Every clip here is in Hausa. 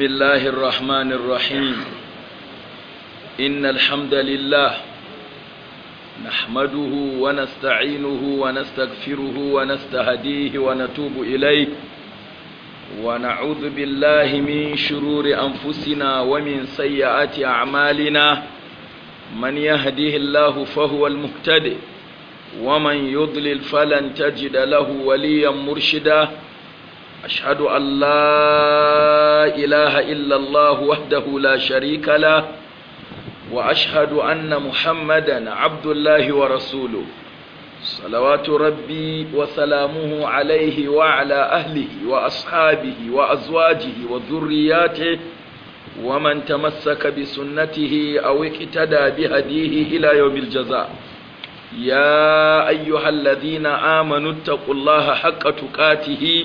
بسم الله الرحمن الرحيم إن الحمد لله نحمده ونستعينه ونستغفره ونستهديه ونتوب إليه ونعوذ بالله من شرور أنفسنا ومن سيئات أعمالنا من يهديه الله فهو المهتدي ومن يضلل فلن تجد له وليا مرشدا أشهد أن لا إله إلا الله وحده لا شريك له وأشهد أن محمدا عبد الله ورسوله صلوات ربي وسلامه عليه وعلى أهله وأصحابه وأزواجه وذرياته ومن تمسك بسنته أو اقتدى بهديه إلى يوم الجزاء يا أيها الذين آمنوا اتقوا الله حق تقاته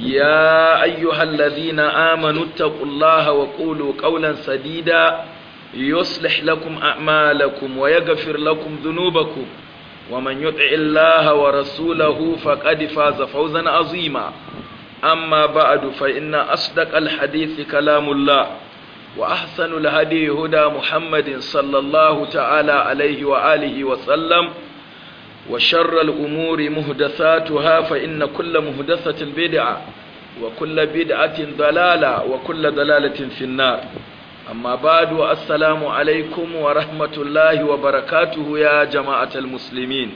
يا أيها الذين آمنوا اتقوا الله وقولوا قولا سديدا يصلح لكم أعمالكم ويغفر لكم ذنوبكم ومن يطع الله ورسوله فقد فاز فوزا عظيما أما بعد فإن أصدق الحديث كلام الله وأحسن الهدي هدى محمد صلى الله تعالى عليه وآله وسلم وآله وسلم وشر الأمور مهدثاتها فإن كل مهدثة بدعة وكل بدعة ضلالة وكل ضلالة في النار أما بعد السلام عليكم ورحمة الله وبركاته يا جماعة المسلمين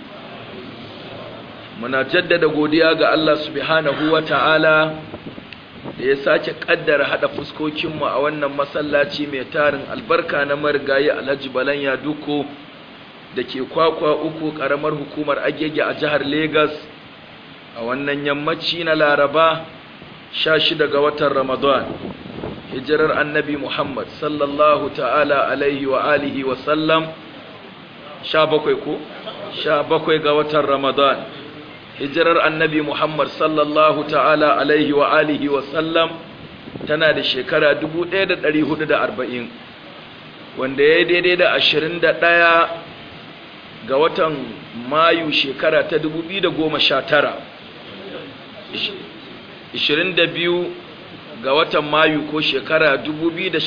muna jaddada godiya ga Allah subhanahu wa ta'ala da ya sake ƙaddara haɗa fuskokinmu a wannan masallaci mai tarin albarka na marigayi alhaji balanya duko da ke kwakwa uku ƙaramar hukumar agege a jihar Legas a wannan yammaci na Laraba 16 ga watan Ramadan hijirar annabi Muhammad sallallahu ta'ala alaihi wa alihi wa sallam 17 ko 17 ga watan Ramadan hijirar annabi Muhammad sallallahu ta'ala alaihi wa alihi wa sallam tana da shekara 1440 wanda ya yi daidai da 21 ga watan mayu shekara ta 2019 22 ga watan mayu ko shekara 2019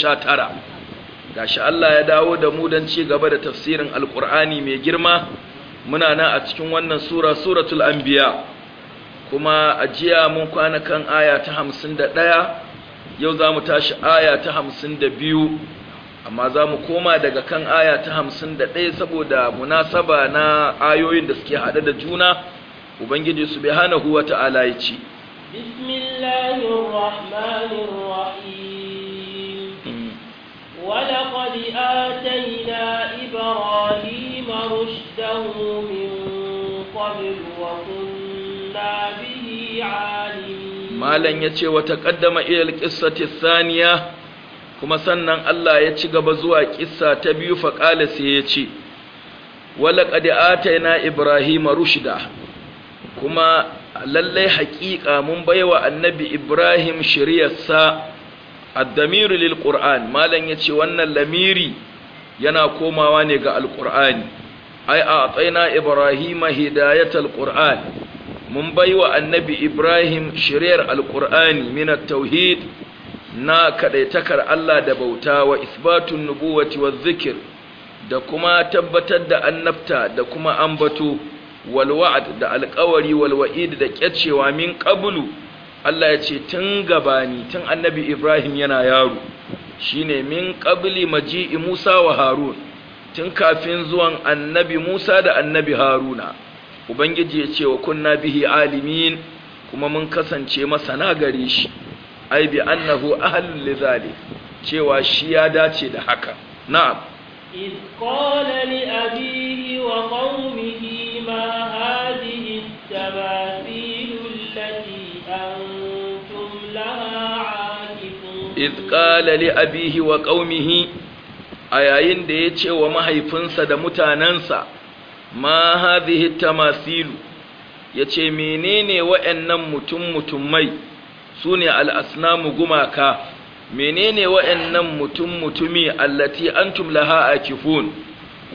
gashi Allah ya dawo da mu don ci gaba da tafsirin alkur'ani mai girma muna nan a cikin wannan sura suratul anbiya kuma a jiya mun kwana kan aya ta 51 yau za mu tashi aya ta 52 amma za mu koma daga kan aya ta hamsin da ɗaya saboda munasaba na ayoyin da suke haɗe da juna ubangiji su hana huwa ta'ala ya ce ولقد hmm. ya ce wata ƙaddama قبل وكنا به kuma sannan Allah ya ci gaba zuwa kissa ta biyu fa qala sai ya ce walaqad ataina ibrahima rushda kuma lallai haƙiƙa mun baiwa annabi ibrahim shiriyarsa addamiru lil Malam malan ce wannan lamiri yana komawa ne ga alqur'ani ai a tsaina ibrahima hidayatal qur'an mun baiwa annabi ibrahim shiriyar Alƙur'ani min tauhid na kadaitakar Allah da bauta wa isbatun nubuwati wa zikir da kuma tabbatar da annabta da kuma ambato walwa'ad da alƙawari walwa'id da kyacewa min qablu Allah ya ce tun gabani tun annabi Ibrahim yana yaro shine min qabli maji'i Musa wa Harun tun kafin zuwan annabi Musa da annabi Haruna ubangiji ya ce wa kunna bihi alimin kuma mun kasance masana gare shi ai bi annahu ahlul lidhalik cewa shi ya dace da haka na'am إذ wa لأبيه ma hadhihi هذه التماثيل antum laha لها iz qala li لأبيه wa a yayin da ya ce wa mahaifinsa da mutanansa, ma hadhihi tamasilu ya ce menene wa'annan mutum mai? su ne al'asnamu gumaka menene wa'yannan mutum-mutumi allati antum laha a kifun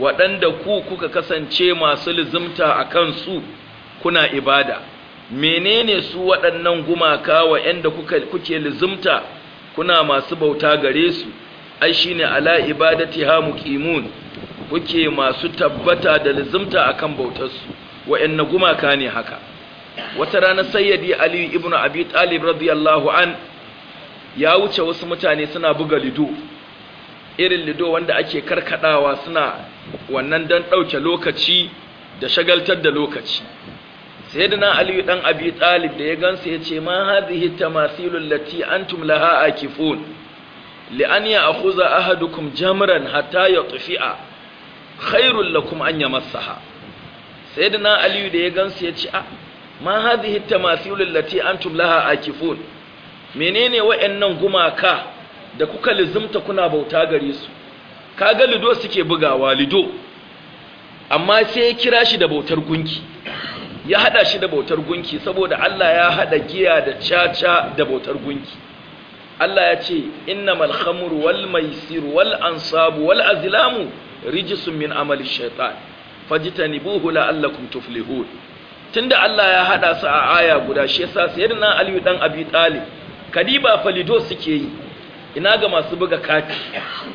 waɗanda ku kuka kasance masu lizimta a kansu kuna ibada menene su waɗannan gumaka wa'yanda kuke lizimta kuna masu bauta gare su ai shi ne ala ibadati ha muqimun kuke masu tabbata da lizimta akan bautarsu wa'yanna gumaka ne haka wata rana sayyidi ali ibn abi talib radiyallahu an ya wuce wasu mutane suna buga lido irin lido wanda ake karkadawa suna wannan dan dauke lokaci da shagaltar da lokaci sayyidina ali dan abi talib da ya gansa yace ma hadhihi tamasilul lati antum laha akifun li an ya'khudha ahadukum jamran hatta yatfi'a khairul lakum an yamassaha sayyidina ali da ya gansa yace a ah, ma hadhihi at-tamathil allati antum laha akifun menene wayannan gumaka da kuka lizumta kuna bauta gare su kaga lido suke bugawa lido amma sai ya kira shi da bautar gunki ya hada shi da bautar gunki saboda Allah ya hada giya da caca da bautar gunki Allah ya ce innamal khamru wal maisir wal ansabu wal azlamu rijsun min amali shaitan fajtanibuhu la'allakum tuflihun tunda Allah ya hada su a aya guda shi yasa sayyidina Ali dan Abi Talib kadiba falido suke yi ina ga masu buga kati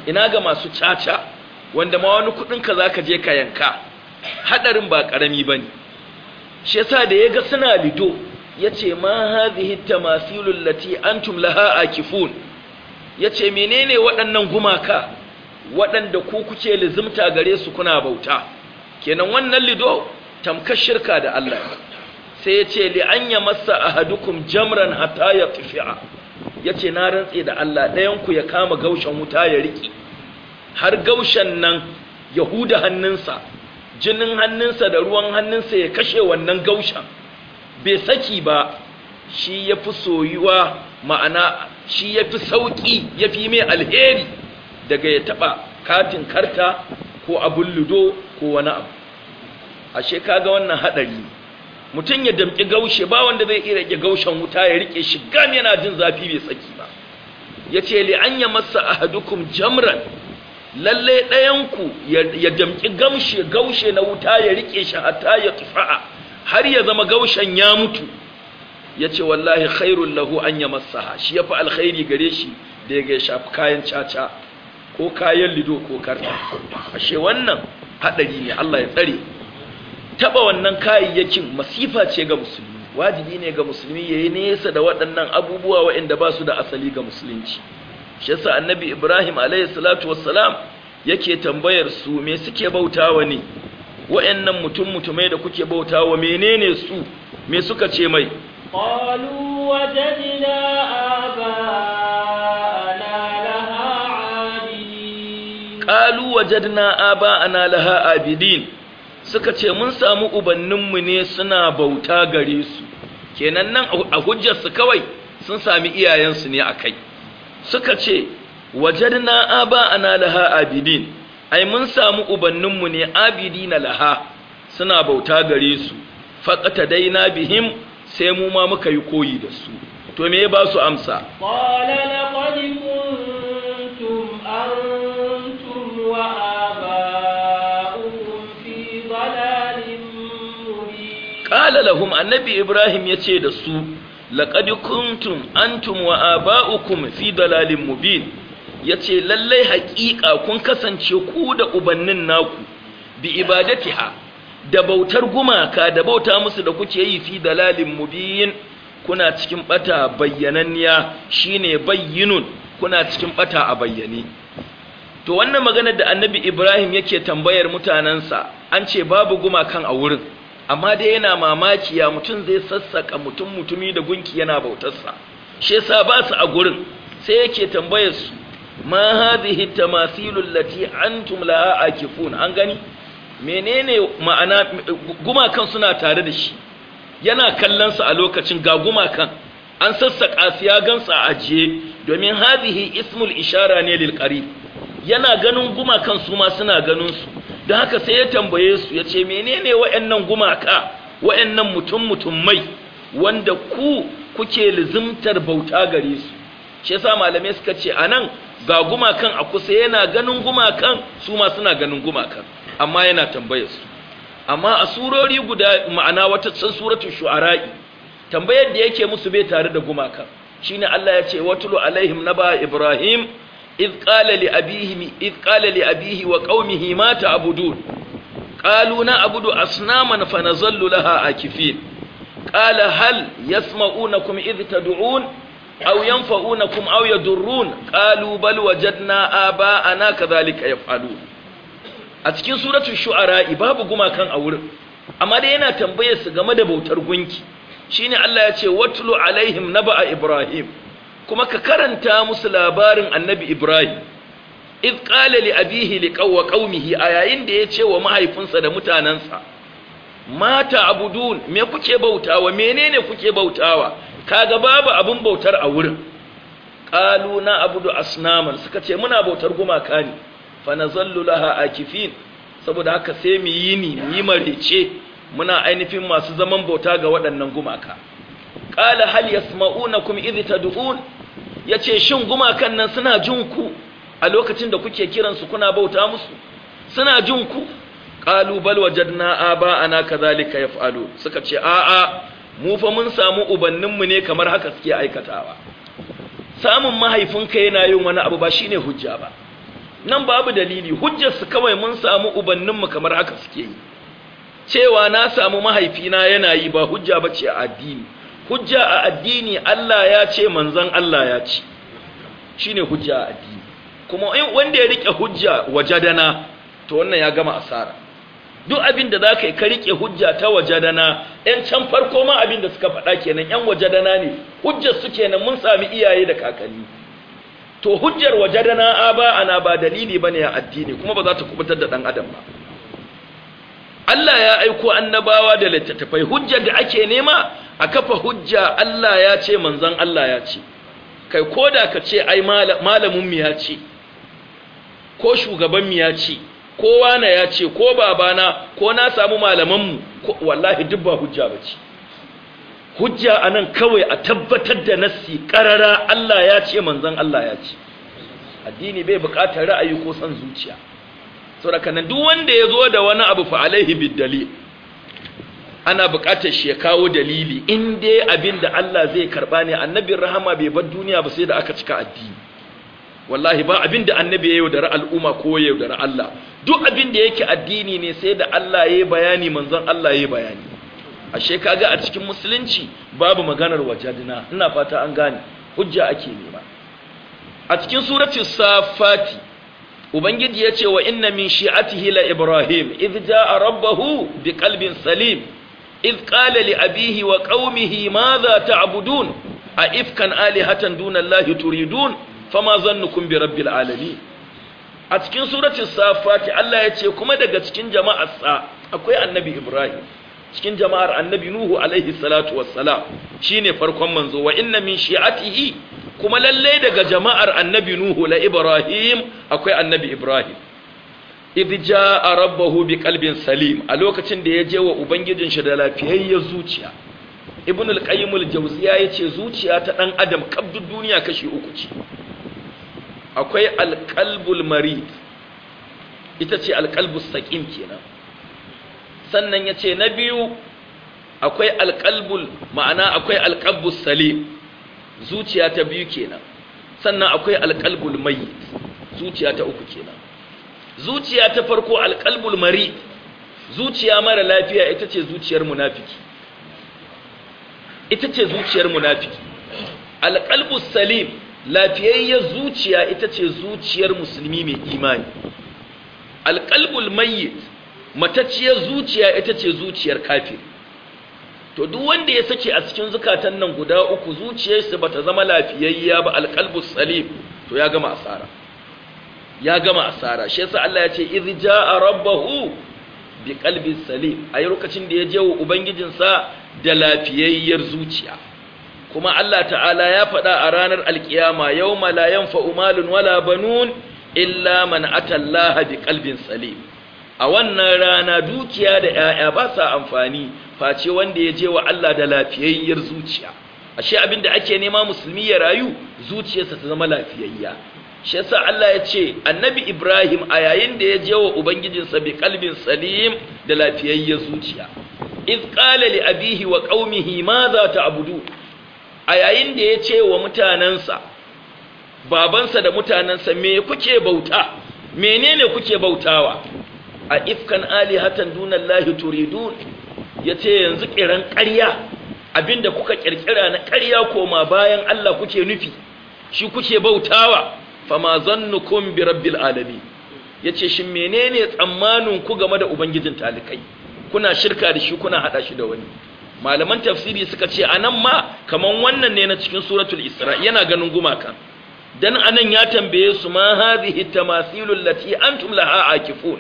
ina ga masu caca wanda ma wani kudin ka zaka je ka yanka hadarin ba karami bane shi yasa da yaga suna lido yace ma hadhihi tamasilul lati antum laha akifun yace menene waɗannan gumaka waɗanda ku kuke lizimta gare su kuna bauta kenan wannan lido tamkar shirka da Allah sai ya ce li'an ya masa ahadukum jamran hata ya tafiya ya ce na rantse da Allah ɗayanku ya kama gaushen wuta ya riƙi har gaushen nan ya huda hannunsa jinin hannunsa da ruwan hannunsa ya kashe wannan gaushen bai saki ba shi ya fi soyuwa ma'ana shi ya fi sauƙi ya fi mai alheri daga ya taɓa katin karta ko abin ludo ko wani abu ashe kaga wannan hadari mutum ya damki gaushe ba wanda zai iya rike gaushen wuta ya rike shi gam yana jin zafi bai tsaki ba yace li an yamassa ahadukum jamran lalle ɗayan ku ya damki gamshe gaushe na wuta ya rike shi hatta ya tufa'a har ya zama gaushen ya mutu yace wallahi khairul lahu an yamassaha shi ya yafi alkhairi gare shi da ya shafi kayan caca ko kayan lido ko karta ashe wannan hadari ne Allah ya tsare taba wannan kayayyakin masifa ce ga musulmi wajibi ne ga musulmi yayi nesa da waɗannan abubuwa waɗanda ba su da asali ga musulunci shi yasa annabi Ibrahim alayhi salatu wassalam yake tambayar su me suke bautawa ne waɗannan mutum mutumai da kuke bautawa menene su me suka ce mai qalu wajadna aba laha abidin qalu wajadna ana laha abidin suka ce mun samu ubanninmu ne suna bauta gare su kenan nan a hujjarsu kawai sun sami iyayensu ne a kai suka ce wajadna aba ana laha abidin ai mun samu ubanninmu ne abidina laha suna bauta gare su faqata daina bihim sai mu ma muka yi koyi da su to me ba su amsa qala laqad qala lahum annabi ibrahim yace da su laqad kuntum antum wa aba'ukum fi dalalin mubin yace lallai haƙiƙa kun kasance ku da ubannin naku bi ibadatiha da bautar gumaka da bauta musu da kuke yi fi dalalin mubin kuna cikin bata bayyananniya shine bayyinun kuna cikin bata a bayyane to wannan maganar da annabi Ibrahim yake tambayar mutanansa an ce babu gumakan a wurin amma dai yana mamaki ya mutum zai sassaka mutum mutumi da gunki yana bautarsa shi yasa ba su a gurin sai yake tambayar su ma hadhihi tamasilu lati antum laha akifun an gani menene ma'ana gumakan suna tare da shi yana kallon su a lokacin ga gumakan an sassaka su ya gansa a ajiye domin hadhihi ismul ishara ne lil qarib yana ganin gumakan su ma suna ganin su don haka sai ya tambaye su ya ce menene wa'annan gumaka wa'annan mutum mutummai wanda ku kuke lizimtar bauta gare su shi yasa malamai suka ce a nan, ga gumakan a kusa yana ganin gumakan su ma suna ganin gumakan amma yana tambayar su amma a surori guda ma'ana wata can suratul shu'ara'i tambayar da yake musu bai tare da gumakan shine Allah ya ce watulu alaihim naba ibrahim Ith qalali a biyi wa ƙaunihi ma ta abudu. na abudu asuna manfana zalluha a kifin. Ƙala hal yasma u na kum ita du'un, a wuyan kum aya durun. Ƙalu bal wajen na'a ba a na ka A cikin suracen shu'a ra'ayi babu gumakan a wurin. Amadu yana tambayar su game da bautar gunki. shine Allah ya ce watlu alaihim ba a Ibrahim. kuma ka karanta musu labarin annabi Ibrahim iz qala li abihi li qawwa qaumihi a yayin da ya ce wa mahaifinsa da mutanansa mata abudun me kuke bautawa menene kuke bautawa kaga babu abun bautar a wurin qalu na abudu asnaman suka ce muna bautar gumaka ne fa nazallu laha akifin saboda haka sai mu yi ni mu yi marece muna ainihin masu zaman bauta ga waɗannan gumaka qala hal yasma'unakum idh tad'un yace shin gumakan nan suna jin ku a lokacin da kuke kiran su kuna bauta musu suna jin ku qalu bal wajadna aba'ana kadhalika yaf'alu suka ce a'a mu fa mun samu ubanninmu ne kamar haka suke aikatawa samun mahaifinka yana yin wani abu ba shine hujja ba nan babu dalili hujjar su kawai mun samu ubannin mu kamar haka suke yi cewa na samu mahaifina yana yi ba hujja bace ce addini hujja a addini Allah ya ce manzon Allah ya ce shine hujja a addini kuma wanda ya rike hujja wajadana to wannan ya gama asara duk abin da zaka yi ka rike hujja ta waje wajadana ɗan can farko ma abin da suka faɗa kenan ɗan wajadana ne hujja su kenan mun sami iyaye da kakanni to hujjar wajadana ba ana ba dalili bane a addini kuma ba za ta kubutar da ɗan adam ba Allah ya aiko annabawa da littattafai hujjar da ake nema a kafa hujja Allah ya ce manzan Allah ya ce kai ko da ka ce ai malamin mu ya ce ko shugaban mu ya ce ko wana ya ce ko babana ko na samu malamanmu wallahi duk ba hujja ba ce hujja a nan kawai a tabbatar da nassi ƙarara Allah ya ce manzan Allah ya ce addini bai buƙatar ra'ayi ko son zuciya saboda duk wanda ya zo da wani abu fa alaihi ana buƙatar shi ya kawo dalili in dai abin da Allah zai karɓa ne annabin rahama bai bar duniya ba sai da aka cika addini wallahi ba abin da annabi ya yaudara al'umma ko ya yaudara Allah duk abin da yake addini ne sai da Allah ya yi bayani manzon Allah ya yi bayani ashe kaga a cikin musulunci babu maganar wajadina ina fata an gane hujja ake nema a cikin surati safati ubangiji ya ce wa inna min shi'atihi la ibrahim idza ja'a rabbahu biqalbin salim iz qala li abihi wa qaumihi madha ta'budun a ifkan alihatan dunallahi turidun fama zannukum bi rabbil alamin a cikin suratul safati Allah ya ce kuma daga cikin jama'arsa akwai annabi Ibrahim cikin jama'ar annabi Nuhu alaihi salatu wassalam shine farkon manzo wa inna min shi'atihi kuma lalle daga jama'ar annabi Nuhu la Ibrahim akwai annabi Ibrahim idja a rabbahu bi kalbin salim a lokacin da ya je wa ubangijin shi da lafiyayyar zuciya ibn al-qayyim al-jawziya yace zuciya ta dan adam kabdu duniya kashi uku ce akwai al-qalbul marid ita ce al-qalbus saqim kenan sannan yace na biyu akwai al-qalbul ma'ana akwai al salim zuciya ta biyu kenan sannan akwai al-qalbul zuciya ta uku kenan zuciya ta farko alqalbul mari zuciya mara lafiya ita ce zuciyar munafiki ita ce zuciyar munafiki alqalbus salim lafiyayyar zuciya ita ce zuciyar musulmi mai imani alqalbul mayyit matacciyar zuciya ita ce zuciyar kafir to duk wanda ya sake a cikin zukatan nan guda uku zuciyarsa ta zama lafiyayya ba alqalbus salim to ya gama asara ya gama asara shi yasa Allah ya ce idh jaa rabbahu bi qalbin salim a lokacin da ya je wa sa da lafiyayyar zuciya kuma Allah ta'ala ya faɗa a ranar alkiyama yawma la yanfa'u malun wala banun illa man atallaha bi qalbin salim a wannan rana dukiya da 'ya'ya ba sa amfani face wanda ya je wa Allah da lafiyayyar zuciya ashe abinda ake nema musulmi ya rayu zuciyarsa ta zama lafiyayya shi yasa Allah ya ce annabi Ibrahim a yayin da ya je wa ubangijinsa bi kalbin salim da lafiyayyen zuciya iz qala li abihi wa qaumihi ma za ta'budu a yayin da ya ce wa mutanansa babansa da mutanansa me kuke bauta menene kuke bautawa a ifkan alihatan dunallahi turidun yace yanzu kiran ƙarya abinda kuka kirkira na ƙarya koma bayan Allah kuke nufi shi kuke bautawa fama zannukum bi rabbil alamin yace shin menene tsammanin ku game da ubangijin talikai kuna shirka da shi kuna hada shi da wani malaman tafsiri suka ce anan ma kaman wannan ne na cikin suratul isra yana ganin gumaka dan anan ya tambaye su ma hadhihi tamasilul lati antum laha akifun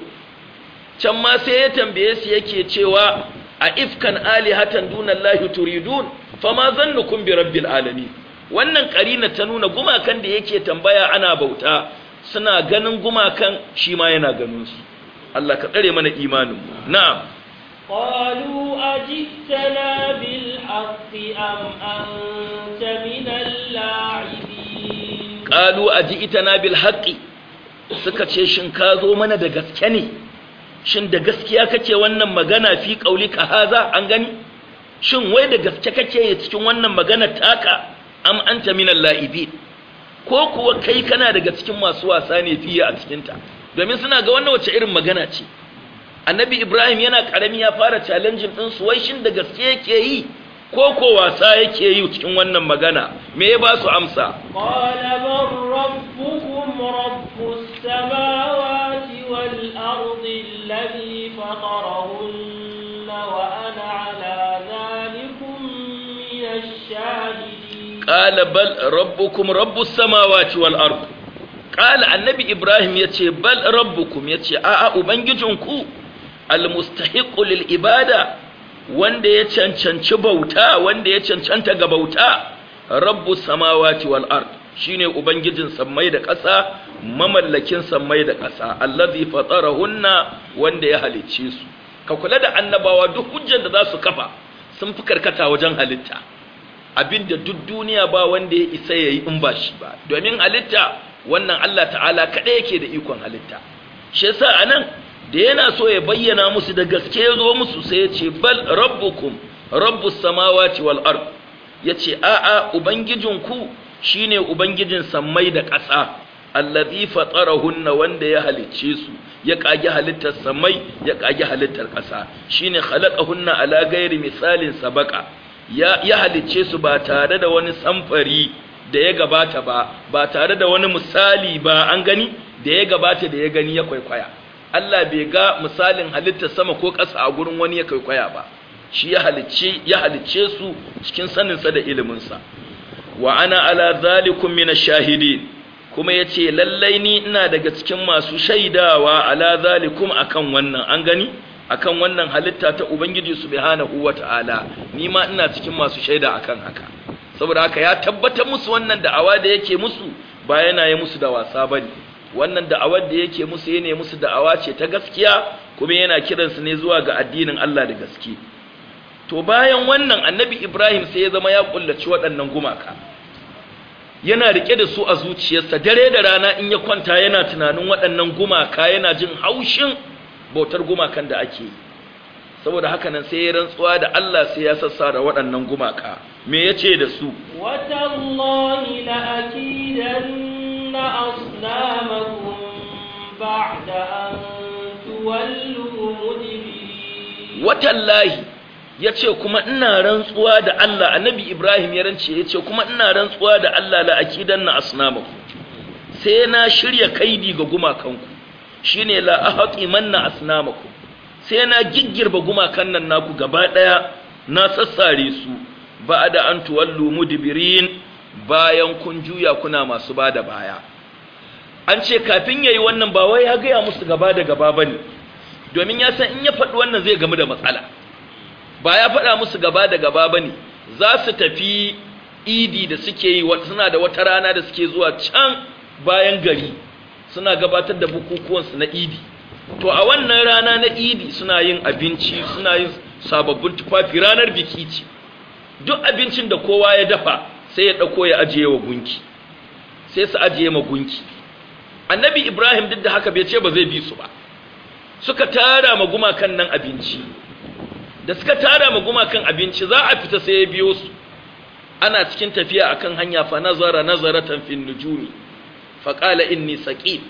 can ma sai ya tambaye su yake cewa a ifkan alihatan dunallahi turidun fama zannukum bi rabbil alamin wannan karina ta nuna gumakan da yake tambaya ana bauta suna ganin gumakan shi ma yana ganin su Allah ka tsare mana imanin mu na'am qalu ajitana bil haqqi am anta min al-la'ibin qalu ajitana bil haqqi suka ce shin ka zo mana da gaske ne shin da gaskiya kake wannan magana fi qaulika haza an gani shin wai da gaske kake cikin wannan magana taka am anta minal la'ibin ko kuwa kai kana daga cikin masu wasa ne fiye a cikin ta domin suna ga wannan wace irin magana ce annabi ibrahim yana karami ya fara challenge din su wai shin da gaske yake yi ko ko wasa yake yi cikin wannan magana me ya ba su amsa qala rabbukum rabbus samawati wal ardi alladhi fatarahu qala bal rabbukum rabbus samawati wal ard qala annabi ibrahim yace bal rabbukum yace a a ubangijinku al mustahiqu lil ibada wanda ya cancanci bauta wanda ya cancanta ga bauta rabbus samawati wal ard shine ubangijin sammai da ƙasa mamallakin sammai da ƙasa allazi fatarahunna wanda ya halicce su ka kula da annabawa duk hujjar da za su kafa sun fi karkata wajen halitta abinda duk duniya ba wanda ya isa yayi in ba shi ba domin halitta wannan Allah ta'ala kaɗai yake da ikon halitta shi yasa nan, da yana so ya bayyana musu da gaske ya zo musu sai ya ce bal rabbukum rabbus samawati wal ard yace a'a ubangijinku shine ubangijin sammai da ƙasa allazi fatarahunna wanda ya halicce su ya kage halittar samai ya kage halittar ƙasa shine khalaqahunna ala ghairi misalin sabaƙa. ya halicce su ba tare da wani samfari da ya gabata ba ba tare da wani misali ba an gani da ya gabata da ya gani ya kwaikwaya Allah bai ga misalin halitta sama ko ƙasa a gurin wani ya kwaikwaya ba shi ya halicce ya halicce su cikin saninsa da iliminsa wa ana ala zalikum min shahidin kuma yace lallai ni ina daga cikin masu shaidawa ala zalikum akan wannan an gani akan wannan halitta ta ubangiji subhanahu wata'ala ni ma ina cikin masu shaida akan haka saboda haka ya tabbatar musu wannan da'awa da yake musu ba yana yi musu da wasa bane wannan da'awar da yake musu yana musu da'awa ce ta gaskiya kuma yana kiransu ne zuwa ga addinin Allah da gaske to bayan wannan annabi Ibrahim sai ya zama ya kullaci waɗannan gumaka yana rike da su a zuciyarsa dare da rana in ya kwanta yana tunanin waɗannan gumaka yana jin haushin bautar gumakan da ake yi saboda haka nan sai ya rantsuwa da Allah sai ya sassa da waɗannan gumaka me yace da su watallahi la akidanna aslamakum ba'da an tuwallu mudbirin ya yace kuma ina rantsuwa da Allah annabi Ibrahim ya rance yace kuma ina rantsuwa da Allah la akidanna aslamakum sai na shirya kaidi ga gumakanku shine la manna asnamakum sai na giggirba gumakan nan naku gaba daya na sassare su ba'da an tuwallu mudbirin bayan kun juya kuna masu bada baya an ce kafin yayi wannan ba wai ya gaya musu gaba da gaba bane domin ya san in ya faɗi wannan zai gamu da matsala ba ya faɗa musu gaba da gaba bane za su tafi idi da suke yi suna da wata rana da suke zuwa can bayan gari suna gabatar da bukukuwansu na idi to a wannan rana na idi suna yin abinci suna yin sababbin tufafi ranar biki ce duk abincin da kowa ya dafa sai ya ɗauko ya ajiye wa gunki sai su ajiye ma gunki annabi ibrahim duk da haka bai ce ba zai bi su ba suka tara ma gumakan nan abinci da suka tara ma gumakan abinci za a fita sai ya biyo su ana cikin tafiya akan hanya fa nazara nazaratan fin nujumi faƙala inni saƙi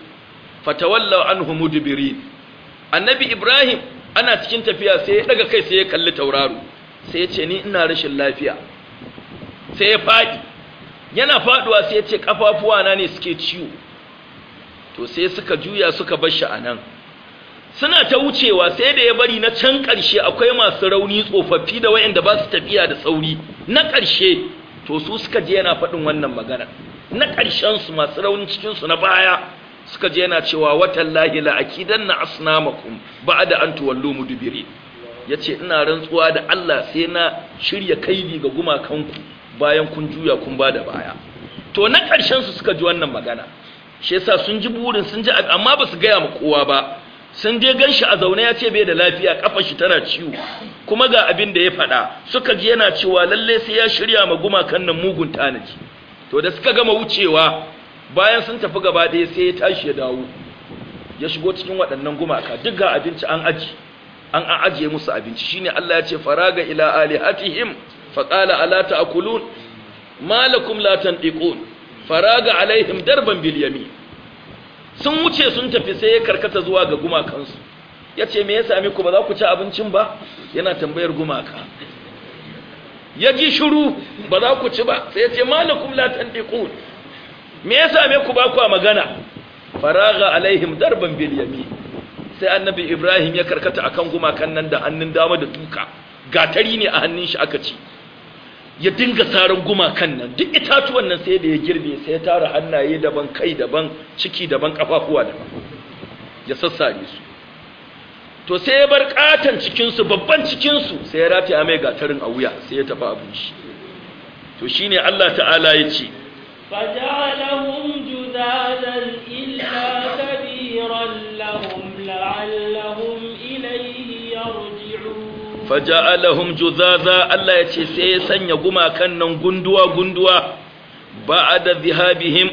fatawalla anhu mudbirin annabi ibrahim ana cikin tafiya sai ya daga kai sai ya kalli tauraro sai ya ce ni ina rashin lafiya sai ya faɗi yana faɗuwa sai ya ce ƙafafuwa na ne suke ciwo to sai suka juya suka bar shi anan. suna ta wucewa sai da ya bari na can ƙarshe akwai masu rauni tsofaffi da wayanda ba su tafiya da sauri na ƙarshe to su suka je yana faɗin wannan magana na ƙarshen su masu raunin cikin su na baya suka je yana cewa watan lahi la na asnamakum ba'da an tuwallu mudbirin yace ina rantsuwa da Allah sai na shirya kaidi ga gumakan ku bayan kun juya kun bada baya to na ƙarshen su suka ji wannan magana shi yasa sun ji burin sun ji amma ba su gaya ma kowa ba sun je ganshi a zaune ya ce bai da lafiya kafar shi tana ciwo kuma ga abin da ya faɗa suka ji yana cewa lalle sai ya shirya ma gumakan nan mugun tanaji to da suka gama wucewa bayan sun tafi gaba ɗaya sai ya tashi ya dawo ya shigo cikin waɗannan gumaka duk ga abinci an aji an an ajiye musu abinci shine Allah ya ce faraga ila alihatihim qala ala ta'kulun malakum la fara faraga alaihim darban bil yamin sun wuce sun tafi sai ya karkata zuwa ga gumakansu yace me ya same ku ba za ku ci abincin ba yana tambayar gumaka ya ji shiru ba za ku ci ba sai ya ce malakum la tandiqun me yasa me ku ba ku magana faraga alaihim darban bil yami sai annabi ibrahim ya karkata akan gumakan nan da hannun dama da tuka gatari ne a hannun shi aka ci ya dinga saran gumakan nan duk itatuwan nan sai da ya girbe sai ya tara hannaye daban kai daban ciki daban kafafuwa daban ya sassare su to sai ya bar katan cikinsu babban cikinsu sai ya rataya mai gatarin a wuya sai ya tafi abin shi to shi ne Allah ta'ala ya ce فجعلهم جذاذا إلا ya ce sai ya sanya gumakan nan gunduwa gunduwa ba'ada zihabihim,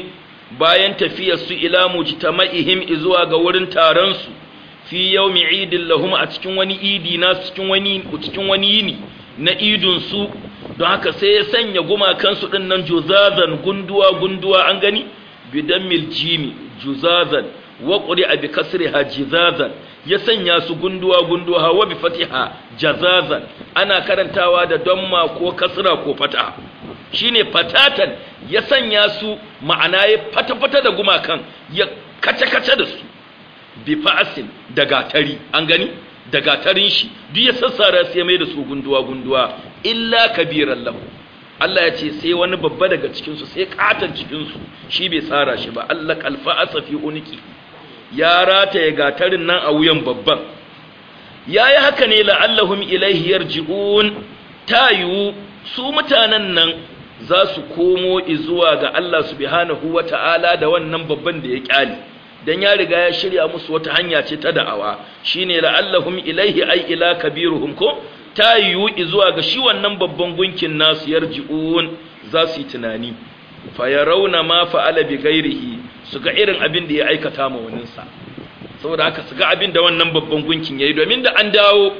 bayan tafiyarsu ila mujtama'ihim izuwa ga wurin taron su fi yawmi idin lahum a cikin wani idi na cikin wani cikin wani yini na idin su don haka sai ya sanya gumakansu ɗin din nan juzazan gunduwa gunduwa an gani bidan miljimi juzazan wa a bi ha jizazan ya sanya su gunduwa gunduwa wa bi fatiha jazazan ana karantawa da damma ko kasra ko Shi shine fatatan ya sanya su ma'ana ya fata-fata da gumakan ya kace-kace da su bi fa'asin da gatari an gani da gatarin shi duk ya sassara sai mai da su gunduwa gunduwa illa kabiran lahu Allah ya ce sai wani babba daga cikin su sai katan cikin su shi bai tsara shi ba Allah kalfa'asa fi uniki ya rataye gatarin nan a wuyan babban yayi haka ne allahum ilaihi yarji'un tayu su mutanen nan za su komo izuwa ga Allah subhanahu wata'ala da wannan babban da ya kyale dan ya riga ya shirya musu wata hanya ce ta da'awa shine la'allahum ilaihi ay ila kabiruhum ko ta yiwu zuwa ga shi wannan babban gunkin nasu yarji'un za su yi tunani fa yarawna ma fa'ala bi ghairihi su ga irin abin da ya aikata ma wannan sa saboda haka su ga abin da wannan babban gunkin yayi domin da an dawo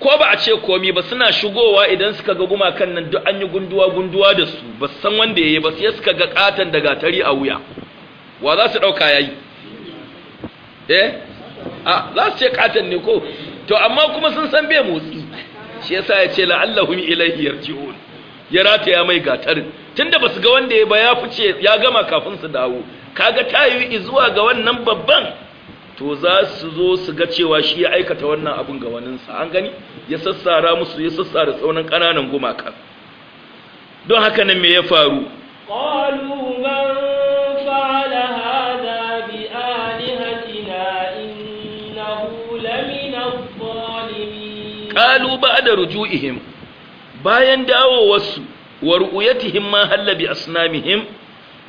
ko ba a ce komai ba suna shigowa idan suka ga gumakan nan duk an yi gunduwa gunduwa da su ba san wanda yayi ba sai suka ga katan da gatari a wuya wa za su ɗauka ya yi eh a za su ce katon ne ko to amma kuma sun san bai motsi shi yasa ya ce la'allahun ilaihi yarji'un ya rata ya mai gatarin tunda ba su ga wanda ya ba ya fice ya gama kafin su dawo kaga tayi zuwa ga wannan babban to za su zo su ga cewa shi ya aikata wannan abun ga sa. an gani ya sassara musu ya sassara tsaunin ƙananan gumaka don haka nan me ya faru قالوا بعد رجوعهم bayan dawowarsu wa ru'yatihim ma halla bi asnamihim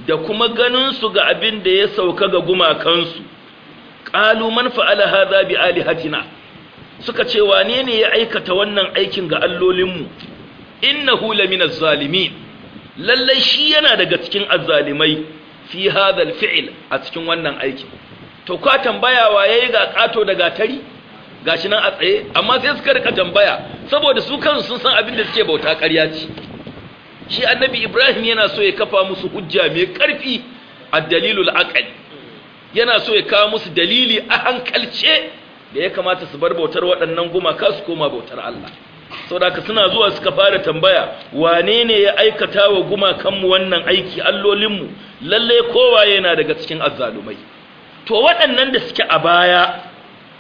da kuma ganin su ga abin da ya sauka ga gumakansu qalu man fa'ala hadha bi alihatina suka ce wane ne ya aikata wannan aikin ga allolinmu innahu laminaz zalimin lallai shi yana daga cikin azzalimai fi hadal fi'il a cikin wannan aiki to ka tambaya wa yayi ga kato da gatari gashi nan a tsaye amma sai suka rika tambaya saboda su kansu sun san abin da suke bauta ƙarya ce shi annabi Ibrahim yana so ya kafa musu hujja mai ƙarfi ad-dalilul aqli yana so ya kawo musu dalili a hankalce da ya kamata su bar bautar waɗannan gumaka su koma bautar Allah saboda suna zuwa suka fara tambaya wane ne ya aikata wa gumakanmu wannan aiki allolinmu lalle kowa yana daga cikin azzalumai to waɗannan da suke a baya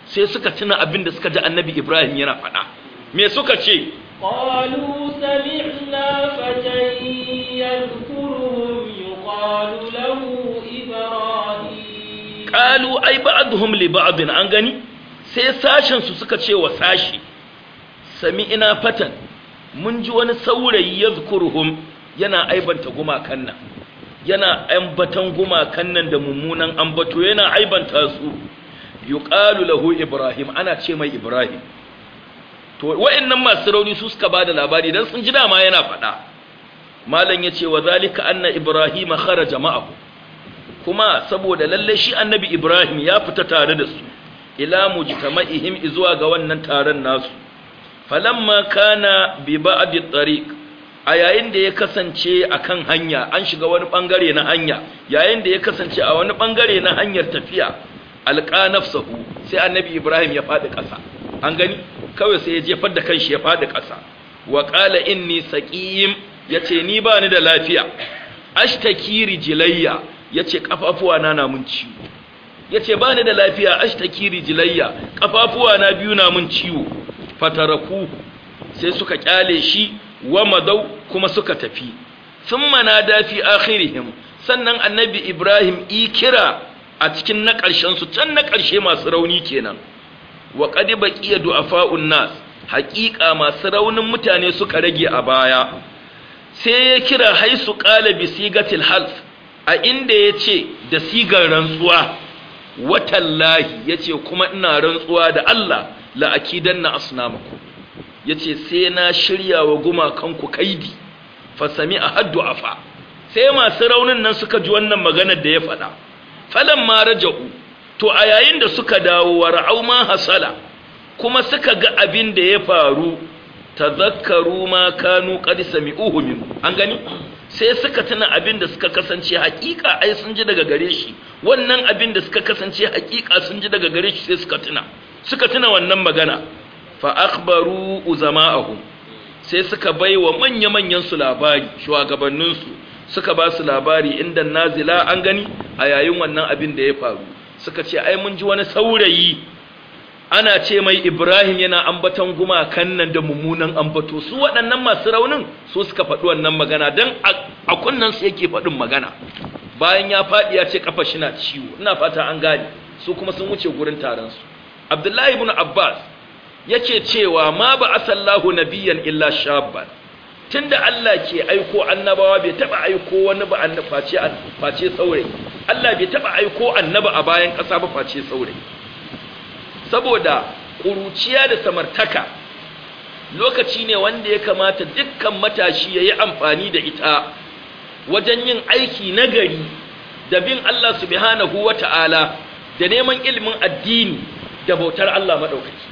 sai suka tuna abin da suka ji annabi ibrahim yana faɗa me suka ce قالوا سمعنا فتى يذكرهم lahu ibrahim إبراهيم قالوا أي li لبعض an gani sai sashen su suka ce wa sashi sami ina fatan mun ji wani saurayi ya yadhkuruhum yana aibanta gumakan nan yana ambatan gumakan nan da mummunan ambato yana aibanta su yuqalu lahu ibrahim ana ce mai ibrahim to wa'annan masu rauni su suka bada labari dan sun ji dama yana faɗa malam yace wa zalika anna ibrahima kharaja ma'ahu kuma saboda lalle shi annabi ibrahim ya fita tare da su ila mujtama'ihim izuwa ga wannan taron nasu falamma kana bi ba'di tariq a yayin da ya kasance akan hanya an shiga wani bangare na hanya yayin da ya kasance a wani bangare na hanyar tafiya alqa nafsuhu sai annabi ibrahim ya fadi kasa an gani kawai sai ya jefar da kanshi ya fadi kasa wa qala inni saqim yace ni ba ni da lafiya ashtaki rijlayya yace kafafuwa na na mun ciwo yace ba ni da lafiya ashtaki rijlayya kafafuwa na biyu na mun ciwo fataraku sai suka kyale shi wa madau kuma suka tafi thumma nada fi akhirihim sannan annabi ibrahim ikira a cikin na ƙarshen su can na ƙarshe masu rauni kenan wa qad baqiya du'afa'un nas haqiqa masu raunin mutane suka rage a baya sai ya kira haisu qala bi sigatil hals a inda yace da sigar rantsuwa ya yace kuma ina rantsuwa da Allah la'akidanna asnamakum yace sai na shirya wa gumakanku kaidi fasami ahaddu afa sai masu raunin nan suka ji wannan maganar da ya faɗa ma raja'u to a yayin da suka dawo wa ra'au hasala kuma suka ga abin da ya faru tazakkaru ma kanu qad sami'uhu min an gani sai suka tuna abin da suka kasance hakika ai sun ji daga gare shi wannan abin da suka kasance hakika sun ji daga gare shi sai suka tuna suka tuna wannan magana fa akhbaru uzama'ahum sai suka baiwa manya-manyan su labari shugabannin su suka ba su labari inda nazila an gani a yayin wannan abin da ya faru suka ce ai mun ji wani saurayi ana ce mai Ibrahim yana ambaton gumakan nan da mummunan ambato su waɗannan masu raunin su suka faɗi wannan magana dan a kunnen su yake faɗin magana bayan ya faɗi ya ce kafa shi na ciwo ina fata an gane su kuma sun wuce gurin taron su abdullahi ibn abbas yake cewa ma ba asallahu nabiyyan illa shabban tunda Allah ke aiko annabawa bai taba aiko wani ba annabi face saurayi Allah bai taba aiko annaba a bayan ƙasa ba face saurayi saboda kuruciya da samartaka lokaci ne wanda ya kamata dukkan matashi yayi amfani da ita wajen yin aiki nagari da bin Allah subhanahu wata'ala da neman ilimin addini da bautar Allah maɗaukaki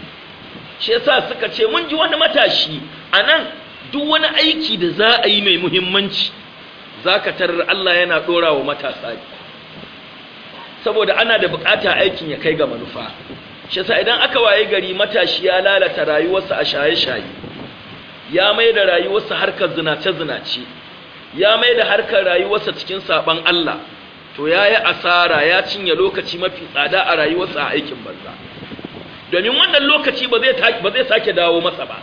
shi yasa suka ce mun ji wani matashi a nan duk wani aiki da za a yi mai muhimmanci za tarar Allah yana ɗora wa matasa saboda ana da bukata aikin ya kai ga manufa shi yasa idan aka waye gari matashi ya lalata rayuwarsa a shaye-shaye ya mai da rayuwarsa harkar zinace-zinace ya mai da harkar rayuwarsa cikin sabon Allah to yayi asara ya cinye lokaci mafi tsada a rayuwarsa a aikin banza domin wannan lokaci ba zai sake dawo masa ba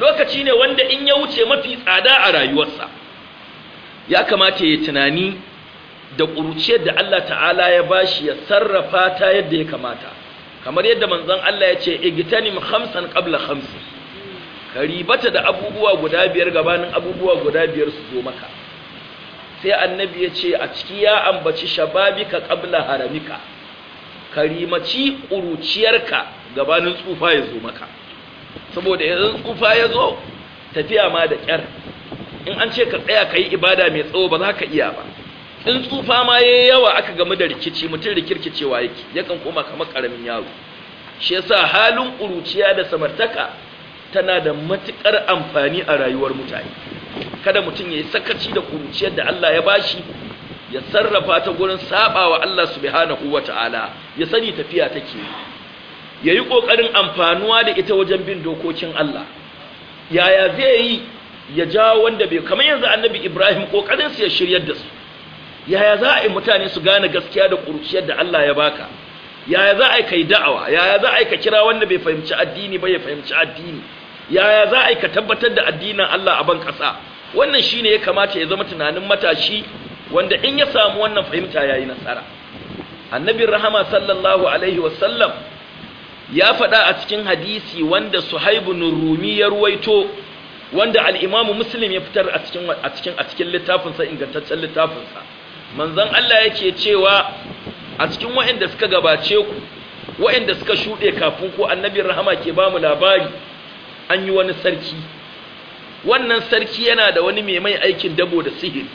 lokaci ne wanda in ya wuce mafi tsada a rayuwarsa ya kamata ya tunani da ƙuruciyar da Allah ta'ala ya bashi ya sarrafa ta yadda ya kamata kamar yadda manzon Allah ya ce igtanim khamsan qabla Ka ribata da abubuwa guda biyar gabanin abubuwa guda biyar su zo maka sai annabi ya ce a ciki ya ambaci shababika ƙabla haramika Karimaci rimaci ƙuruciyarka gabanin tsufa ya zo maka saboda yanzu tsufa ya zo tafiya ma da ƙyar in an ce ka tsaya ka yi ibada mai tsawo ba za ka iya ba in tsufa ma ya yi yawa aka gamu da rikici mutum rikirkicewa yake yakan koma kamar ƙaramin yaro shi yasa halin ƙuruciya da samartaka tana da matukar amfani a rayuwar mutane kada mutum ya yi sakaci da ƙuruciyar da Allah ya bashi ya sarrafa ta gurin sabawa Allah subhanahu wata'ala ya sani tafiya take yayi kokarin amfanuwa da ita wajen bin dokokin Allah yaya zai yi ya jawo wanda bai kamar yanzu annabi Ibrahim kokarin su ya shiryar da su yaya za a yi mutane su gane gaskiya da kurciyar da Allah ya baka yaya za a yi kai da'awa yaya za a yi ka kira wanda bai fahimci addini ba ya fahimci addini yaya za a yi ka tabbatar da addinin Allah a ban kasa wannan shine ya kamata ya zama tunanin matashi wanda in ya samu wannan fahimta yayi nasara annabi rahama sallallahu alaihi wasallam ya faɗa a cikin hadisi wanda suhaibu nurumi ya ruwaito wanda al'imamu muslim ya fitar a cikin a cikin littafinsa ingantaccen littafinsa manzon Allah yake cewa a cikin wa'inda suka gabace ku wa'inda suka shuɗe kafin ku annabin rahama ke ba mu labari an yi wani sarki wannan sarki yana da wani mai mai aikin dabo da sihiri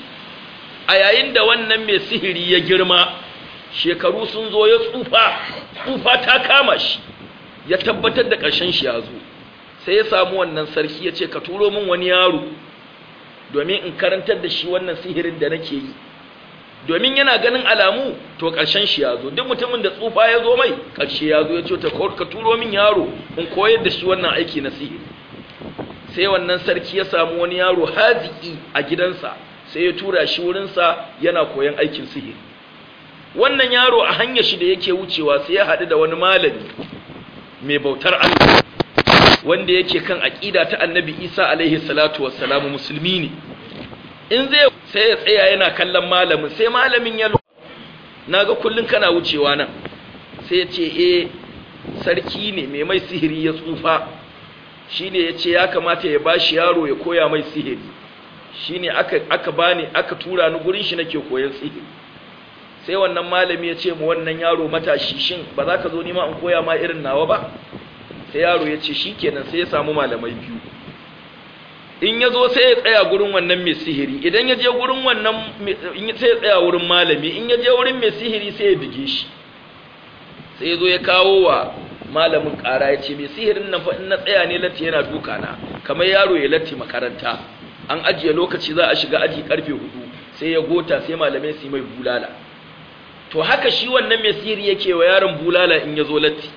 a yayin da wannan mai sihiri ya girma shekaru sun zo ya tsufa tsufa ta kama shi ya tabbatar da ƙarshen shi ya zo sai ya samu wannan sarki ya ce ka turo min wani yaro domin in karantar da shi wannan sihirin da nake yi domin yana ganin alamu to ƙarshen shi ya zo duk mutumin da tsufa ya zo mai ƙarshe ya zo ya ce ka turo min yaro in koyar da shi wannan aiki na sihiri sai wannan sarki ya samu wani yaro haziki a gidansa sai ya tura shi wurinsa yana koyon aikin sihiri wannan yaro a hanyar shi da yake wucewa sai ya haɗu da wani malami mai bautar Allah wanda yake kan aƙida ta annabi Isa alaihi salatu wassalamu musulmi ne in zai sai ya tsaya yana kallon malamin sai malamin ya na ga kullum kana wucewa nan sai ya ce e sarki ne mai mai sihiri ya tsufa shi ne ya ce ya kamata ya bashi yaro ya koya mai sihiri shine aka aka bani aka tura ni gurin shi nake koyon sihiri sai wannan malami ya ce mu wannan yaro matashi shin ba za ka zo nima in koya ma irin nawa ba sai yaro ya ce shikenan sai ya samu malamai biyu in ya zo sai ya tsaya gurin wannan mai sihiri idan ya je gurin wannan sai ya tsaya wurin malami in ya je wurin mai sihiri sai ya bige shi sai ya zo ya kawo wa malamin ƙara ya ce mai sihirin nan fa in na tsaya ne latti yana duka na kamar yaro ya latti makaranta an ajiye lokaci za a shiga aji karfe hudu sai ya gota sai malamai su yi mai bulala to haka shi wannan mai siri yake wa yaron bulala in ya zo latti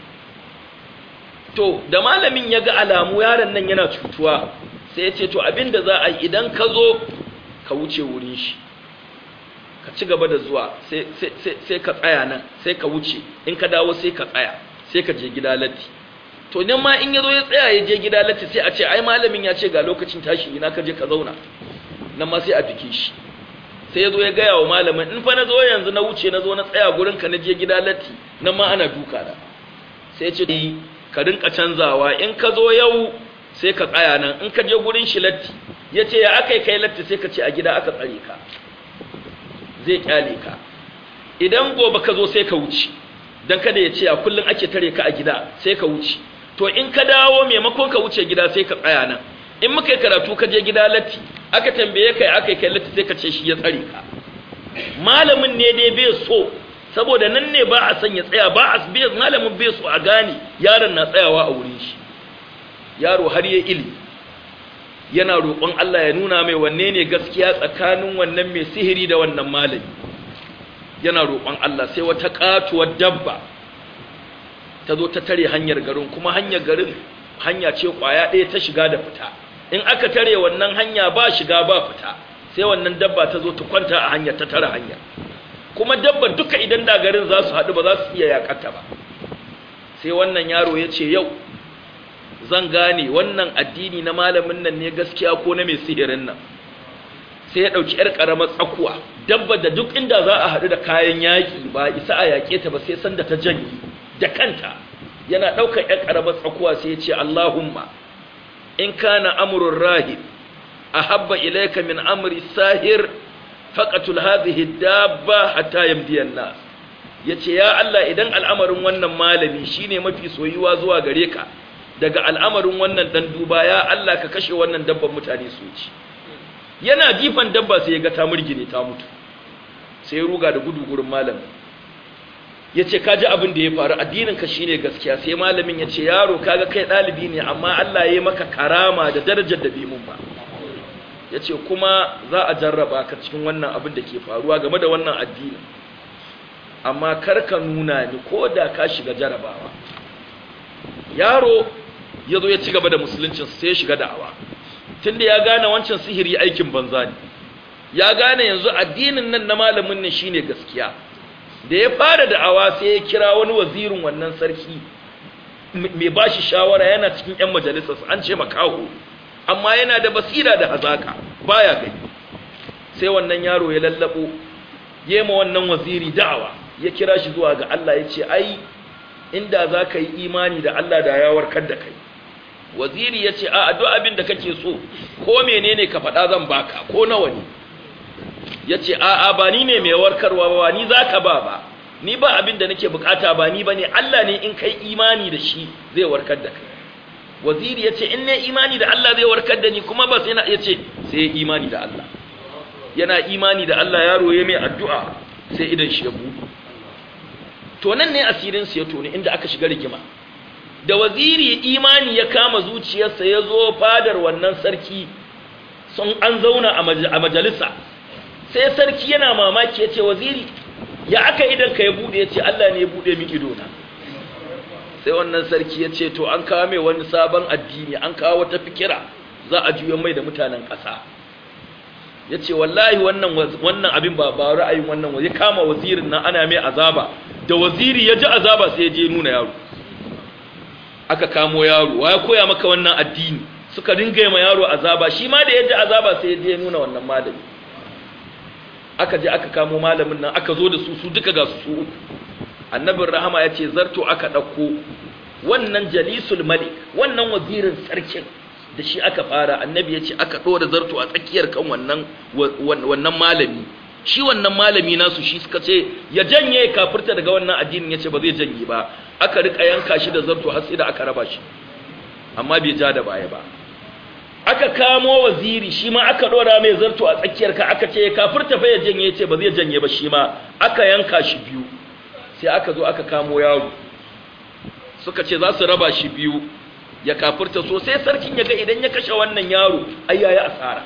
to da malamin ya ga alamu yaron nan yana cutuwa sai ya ce to abin da za a yi idan ka zo ka wuce wurin shi ka ci gaba da zuwa sai ka tsaya nan sai ka wuce in ka dawo sai ka tsaya sai ka je gida latti to nan ma in yazo ya tsaya ya je gida latti sai a ce ai malamin ya ce ga lokacin tashi ina ka je ka zauna nan ma sai a fike shi sai yazo ya gaya wa malamin in fa nazo yanzu na wuce nazo na tsaya gurin ka na je gida latti nan ma ana duka da sai ya ce ka rinka canzawa in ka zo yau sai ka tsaya nan in ka je gurin shi latti ya ce ya aka kai latti sai ka ce a gida aka tsare ka zai kyale ka idan gobe ka zo sai ka wuce don kada ya ce a kullum ake tare ka a gida sai ka wuce to in ka dawo maimakon ka wuce gida sai ka tsaya nan in muka yi karatu ka je gida latti aka tambaye ka aka kai latti sai ka ce shi ya tsare ka malamin ne dai bai so saboda nan ne ba a sanya tsaya ba a bai malamin bai so a gane yaron na tsayawa a wurin shi yaro har ya ili yana roƙon Allah ya nuna mai wanne ne gaskiya tsakanin wannan mai sihiri da wannan malami yana roƙon Allah sai wata katuwar dabba ta zo ta tare hanyar garin kuma hanyar garin hanya ce kwaya ɗaya ta shiga da fita in aka tare wannan hanya ba shiga ba fita sai wannan dabba ta zo ta kwanta a hanyar ta tare hanya kuma dabban duka idan da garin za su haɗu ba za su iya yakata ba sai wannan yaro ya ce yau zan gane wannan addini na malamin nan ne gaskiya ko na mai sihirin nan sai ya ɗauki 'yar ƙaramar tsakuwa dabba da duk inda za a haɗu da kayan yaƙi ba isa a yaƙe ta ba sai sanda ta janye da kanta yana ɗaukar ‘yan ƙaramar tsakuwa sai ya ce Allahumma in kana amurin rahi a habba ilaika min amri sahir faƙatul hazihi dabba hatta yamdiyan nas ya ce ya Allah idan al'amarin wannan malami shine mafi soyuwa zuwa gare ka daga al'amarin wannan ɗan duba ya Allah ka kashe wannan dabban mutane su ci yana jifan dabba sai ya ga ta ne ta mutu sai ruga da gudu gurin malami ya ce kaji abin da ya faru addininka shi ne gaskiya sai malamin ya ce yaro kaga kai ɗalibi ne amma Allah ya yi maka karama da darajar da bimun ba ya ce kuma za a jarraba ka cikin wannan abin da ke faruwa game da wannan addinin amma karka nuna ni ko da ka shiga jarrabawa yaro ya zo ya ci gaba da musuluncin sai ya shiga da'awa tunda ya gane wancan sihiri aikin banza ne ya gane yanzu addinin nan na malamin ne shine gaskiya da ya fara da'awa sai ya kira wani wazirin wannan sarki mai ba shi shawara yana cikin 'yan majalisarsa an ce makaho amma yana da basira da hazaka baya gani sai wannan yaro ya lallabo yema wannan waziri da'awa ya kira shi zuwa ga Allah ya ce ai inda za ka yi imani da Allah da ya warkar da kai waziri ya ce a'a duk abin da kake so ko menene ka faɗa zan baka ko nawa ne ya ce a'a ba ni ne mai warkarwa ba ni za ka ba ba ni ba abin da nake bukata ba ni ba ne Allah ne in kai imani da shi zai warkar da kai waziri ya ce in ne imani da Allah zai warkar da ni kuma ba sai ya ce sai imani da Allah yana imani da Allah yaro ya mai addu'a sai idan shi ya buɗe to nan ne asirin su ya toni inda aka shiga rigima da waziri imani ya kama zuciyarsa ya zo fadar wannan sarki sun an zauna a majalisa sai sarki yana mamaki ya ce waziri ya aka idan ka ya bude ya Allah ne ya bude miki dona sai wannan sarki yace to an kawo mai wani sabon addini an kawo wata fikira za a juyo mai da mutanen ƙasa ya ce wallahi wannan wannan abin ba ba ra'ayin wannan ya kama wazirin nan ana mai azaba da waziri ya ji azaba sai ya je nuna yaro aka kamo yaro wa ya koya maka wannan addini suka dinga yi ma yaro azaba shi ma da ya ji azaba sai ya je nuna wannan malami aka je aka kamo malamin nan aka zo da su su duka ga su uku annabin rahama ya ce zarto aka ɗauko wannan jalisul malik wannan wazirin sarkin da shi aka fara annabi ya ce aka ɗora zarto a tsakiyar kan wannan wannan malami shi wannan malami nasu shi suka ce ya janye kafirta daga wannan addinin ya ce ba zai janye ba aka rika yanka shi da zarto har sai da aka raba shi amma bai ja da baya ba aka kamo waziri shi ma aka dora mai zarto a tsakiyar ka aka ce kafirta fa ya janye ce ba zai janye ba shi ma aka yanka shi biyu sai aka zo aka kamo yaro suka ce za su raba shi biyu ya kafirta sosai sarkin ya ga idan ya kashe wannan yaro ai yayi asara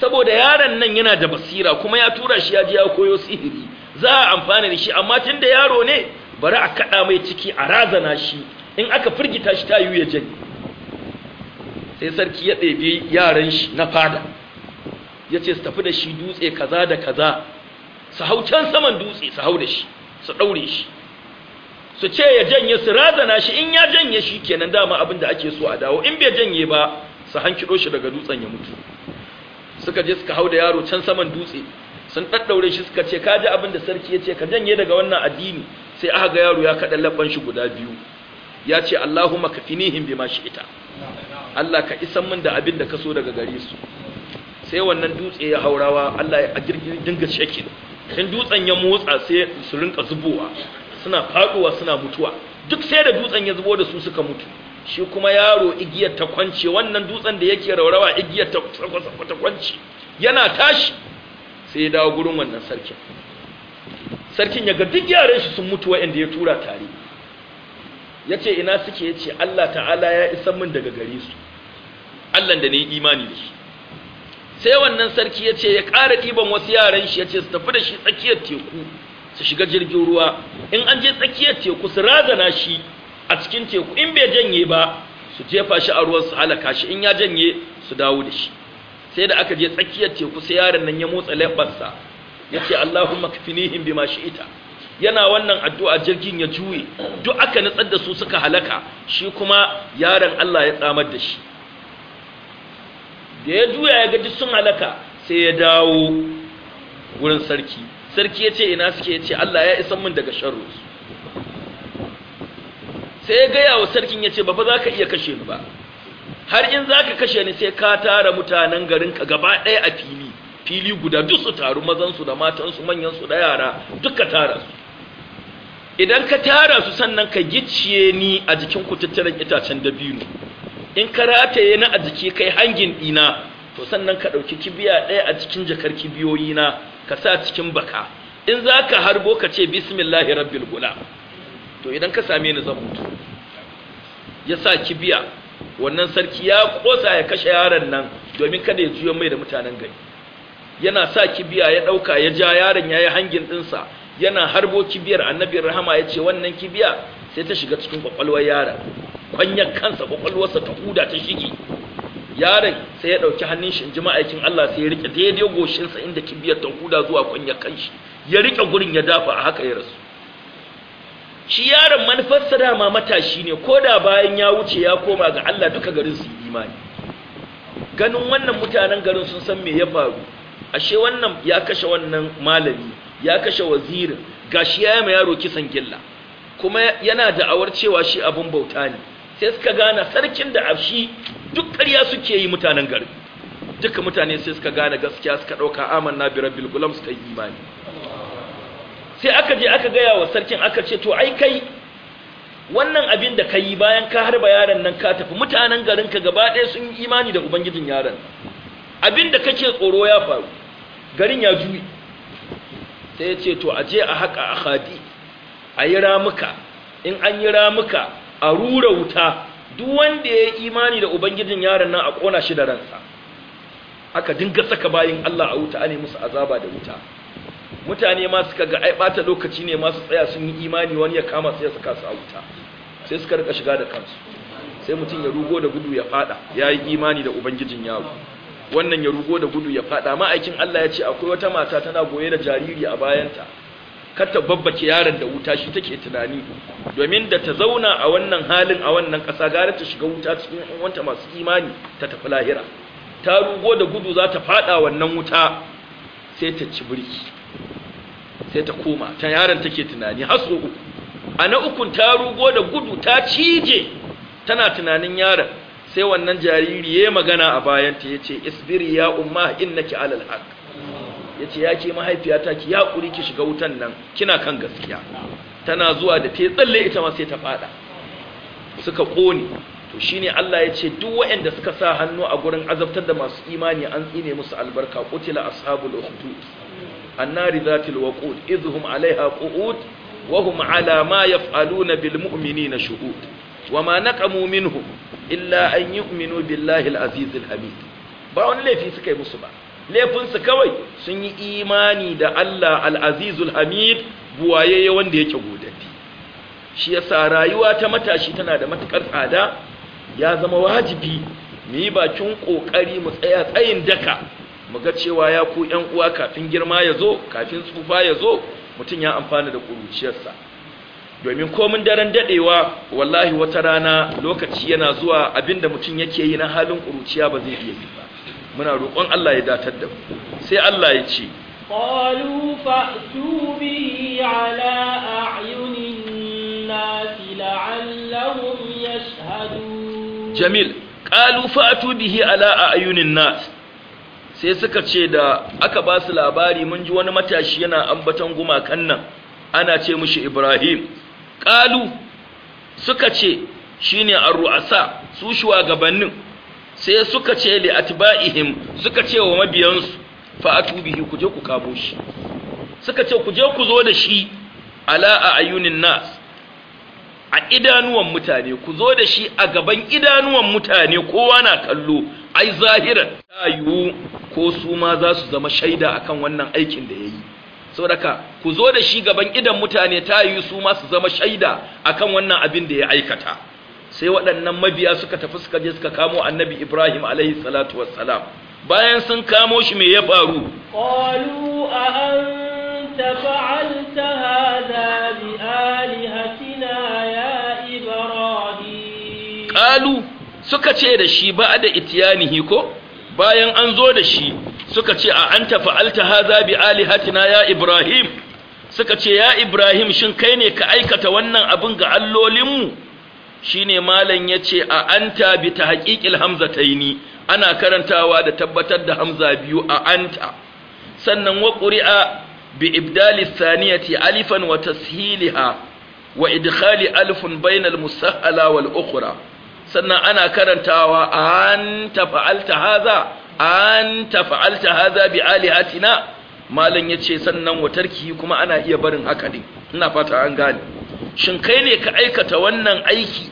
saboda yaron nan yana da basira kuma ya tura shi ya je ya koyo sihiri za a amfana da shi amma da yaro ne bari a kada mai ciki a razana shi in aka firgita shi ta yiwu ya janye sai sarki ya ɗebe yaran shi na fada ya ce su tafi da shi dutse kaza da kaza su hau can saman dutse su hau da shi su ɗaure shi su ce ya janye su razana shi in ya janye shi kenan dama abin da ake so a dawo in bai janye ba su hankido shi daga dutsen ya mutu suka je suka hau da yaro can saman dutse sun ɗaɗɗaure shi suka ce ka ji abin da sarki ya ce ka janye daga wannan addini sai aka ga yaro ya kaɗa labban shi guda biyu ya ce Allahumma ma shi ita. Allah ka isan min da abin da ka so daga gare su sai wannan dutse ya haurawa Allah ya girgin dinga shekin in dutsen ya motsa sai su rinka zubowa suna faduwa suna mutuwa duk sai da dutsen ya zubo da su suka mutu shi kuma yaro igiyar ta kwance wannan dutsen da yake raurawa igiyar ta ta kwance yana tashi sai ya dawo gurin wannan sarkin sarkin ya ga duk yaran shi sun mutu wa'anda ya tura tare ya ce ina suke ya ce Allah ta'ala ya isa min daga gare su Allah da na imani da shi sai wannan sarki ya ce ya ƙara ɗiban wasu yaran shi ya ce su tafi da shi tsakiyar teku su shiga jirgin ruwa in an je tsakiyar teku su razana shi a cikin teku in bai janye ba su jefa shi a ruwan su halaka shi in ya janye su dawo da shi sai da aka je tsakiyar teku sai yaran nan ya motsa leɓarsa ya ce Allahumma kafinihim bima shi'ita yana wannan addu'a jirgin ya juye duk aka nutsar da su suka halaka shi kuma yaron Allah ya tsamar da shi da ya juya ya gaji sun halaka sai ya dawo wurin sarki sarki ya ce ina suke ya ce Allah ya isan min daga sharru sai ya gaya wa sarkin ya ce ba fa za ka iya kashe ni ba har in za ka kashe ni sai ka tara mutanen garin ka gaba ɗaya a fili fili guda duk su taru mazansu da matansu manyansu da yara duka tara su idan ka tara su sannan ka gicciye ni a jikin kututturen itacen dabino in ka rataye ni a jiki kai hangin ɗina to sannan ka ɗauki kibiya ɗaya a cikin jakar kibiyoyi na ka sa cikin baka in zaka harbo ka ce bismillahir rabbil gula to idan ka same ni zan mutu ya sa kibiya wannan sarki ya ƙosa ya kashe yaron nan domin kada ya juyo mai da mutanen gari yana sa kibiya ya ɗauka ya ja yaron yayi hangin ɗinsa yana harbo kibiyar annabin rahama ya ce wannan kibiya sai ta shiga cikin kwakwalwar yaron kwanyar kansa kwakwalwarsa ta huda ta shige yaron sai ya ɗauki hannun shi inji ma'aikin Allah sai ya rike daidai goshinsa inda kibiyar ta huda zuwa kwanyar kanshi ya rike gurin ya dafa a haka ya rasu shi yaron manufarsa dama matashi ne ko da bayan ya wuce ya koma ga Allah duka garin su imani ganin wannan mutanen garin sun san me ya faru ashe wannan ya kashe wannan malami ya kashe wazirin gashi ya yi yaro kisan gilla kuma yana da awar cewa shi abin bauta ne sai suka gane sarkin da afshi duk ƙarya suke yi mutanen gari duka mutane sai suka gane gaskiya suka ɗauka amanna na birar bilgulam suka yi imani sai aka je aka gaya wa sarkin aka ce to ai kai wannan abin da ka yi bayan ka harba yaron nan ka tafi mutanen garin ka gaba ɗaya sun yi imani da ubangijin yaron abin da kake tsoro ya faru garin ya juyi sai ya ce to a je a haƙa a Hadi a yi ramuka in an yi ramuka a rura wuta duk wanda ya yi imani da ubangijin yaron nan a ƙona shi da ransa aka dinga saka bayin Allah a wuta ne musu azaba da wuta mutane ma suka ga ai bata lokaci ne ma su tsaya sun yi imani wani ya kama sai ya saka su a wuta sai suka rika shiga da kansu sai mutum ya rugo da gudu ya fada ya yi imani da ubangijin yaro wannan ya rugo da gudu ya fada ma'aikin Allah ya ce akwai wata mata tana goye da jariri a bayanta kar ta babbace yaron da wuta shi take tunani domin da ta zauna a wannan halin a wannan ƙasa gara ta shiga wuta cikin wanta masu imani ta tafi lahira ta rugo da gudu za ta fada wannan wuta sai ta ci birki sai ta koma ta yaron take tunani har uku a na ukun ta rugo da gudu ta cije tana tunanin yaron sai wannan jariri ya magana a bayanta ya ce isbiri ya umma innaki alal haq ya ce ya ke mahaifiyata ki ya kuri ki shiga wutan nan kina kan gaskiya tana zuwa da te, tsalle ita ma sai ta fada suka kone to shine Allah ya ce duk waɗanda suka sa hannu a gurin azabtar da masu imani an tsine musu albarka qutila ashabul ukhdud annari zatil waqud idhum alaiha qu'ud wa hum ala ma yaf'aluna bil mu'minina shuhud wa ma naqamu minhu illa an yu'minu billahi al-aziz ba wani laifi suka yi musu ba Laifinsu kawai sun yi imani da Allah al-aziz al-hamid buwaye wanda yake godaddi shi yasa rayuwa ta matashi tana da matukar tsada ya zama wajibi mu yi bakin ƙoƙari mu tsaya tsayin daka mu ga cewa ya ku 'yan uwa kafin girma ya zo kafin tsufa ya zo mutum ya amfana da ƙuruciyarsa. domin komin daren dadewa wallahi wata rana lokaci yana zuwa abinda mutum yake yi na halin kuruciya ba zai iya yi ba muna roƙon Allah ya datar da mu sai Allah ya ce qalu fa tubi ala a'yunin nas la'allahum yashhadun jamil qalu fa'tu bihi ala a'yunin nas sai suka ce da aka ba su labari mun ji wani matashi yana ambaton gumakan nan ana ce mushi Ibrahim ƙalu suka ce shi ne arru'asa su shugabannin sai suka ce li atba'ihim suka ce wa mabiyansu fa'atu bihi ku je ku kabo shi suka ce ku ku zo da shi ala a ayunin nas a idanuwan mutane ku zo da shi a gaban idanuwan mutane kowa na kallo ai zahiran ta yiwu ko su ma za su zama shaida akan wannan aikin da ya yi saboda ku zo da shi gaban idan mutane ta yi su ma su zama shaida akan wannan abin da ya aikata sai waɗannan mabiya suka tafi suka je suka kamo annabi Ibrahim alaihi salatu wassalam bayan sun kamo shi me ya faru qalu a anta fa'alta hadha bi alihatina ya ibrahim qalu suka ce da shi ba da itiyanihi ko bayan an zo da shi suka ce a anta fa'alta haza bi alihatina ya ibrahim suka ce ya ibrahim shin kai ne ka aikata wannan abin ga allolinmu shine malam yace a anta bi yi ni? ana karantawa da tabbatar da hamza biyu a ta? sannan wa quri'a bi ibdali thaniyati alifan wa tashiliha wa idkhali alfun bainal musahala wal ukhra sannan ana karantawa a anta fa'alta haza an tafa'alta hadha bi alihatina malam yace sannan watarki kuma ana iya barin haka din ina fata an gane shin kai ne ka aikata wannan aiki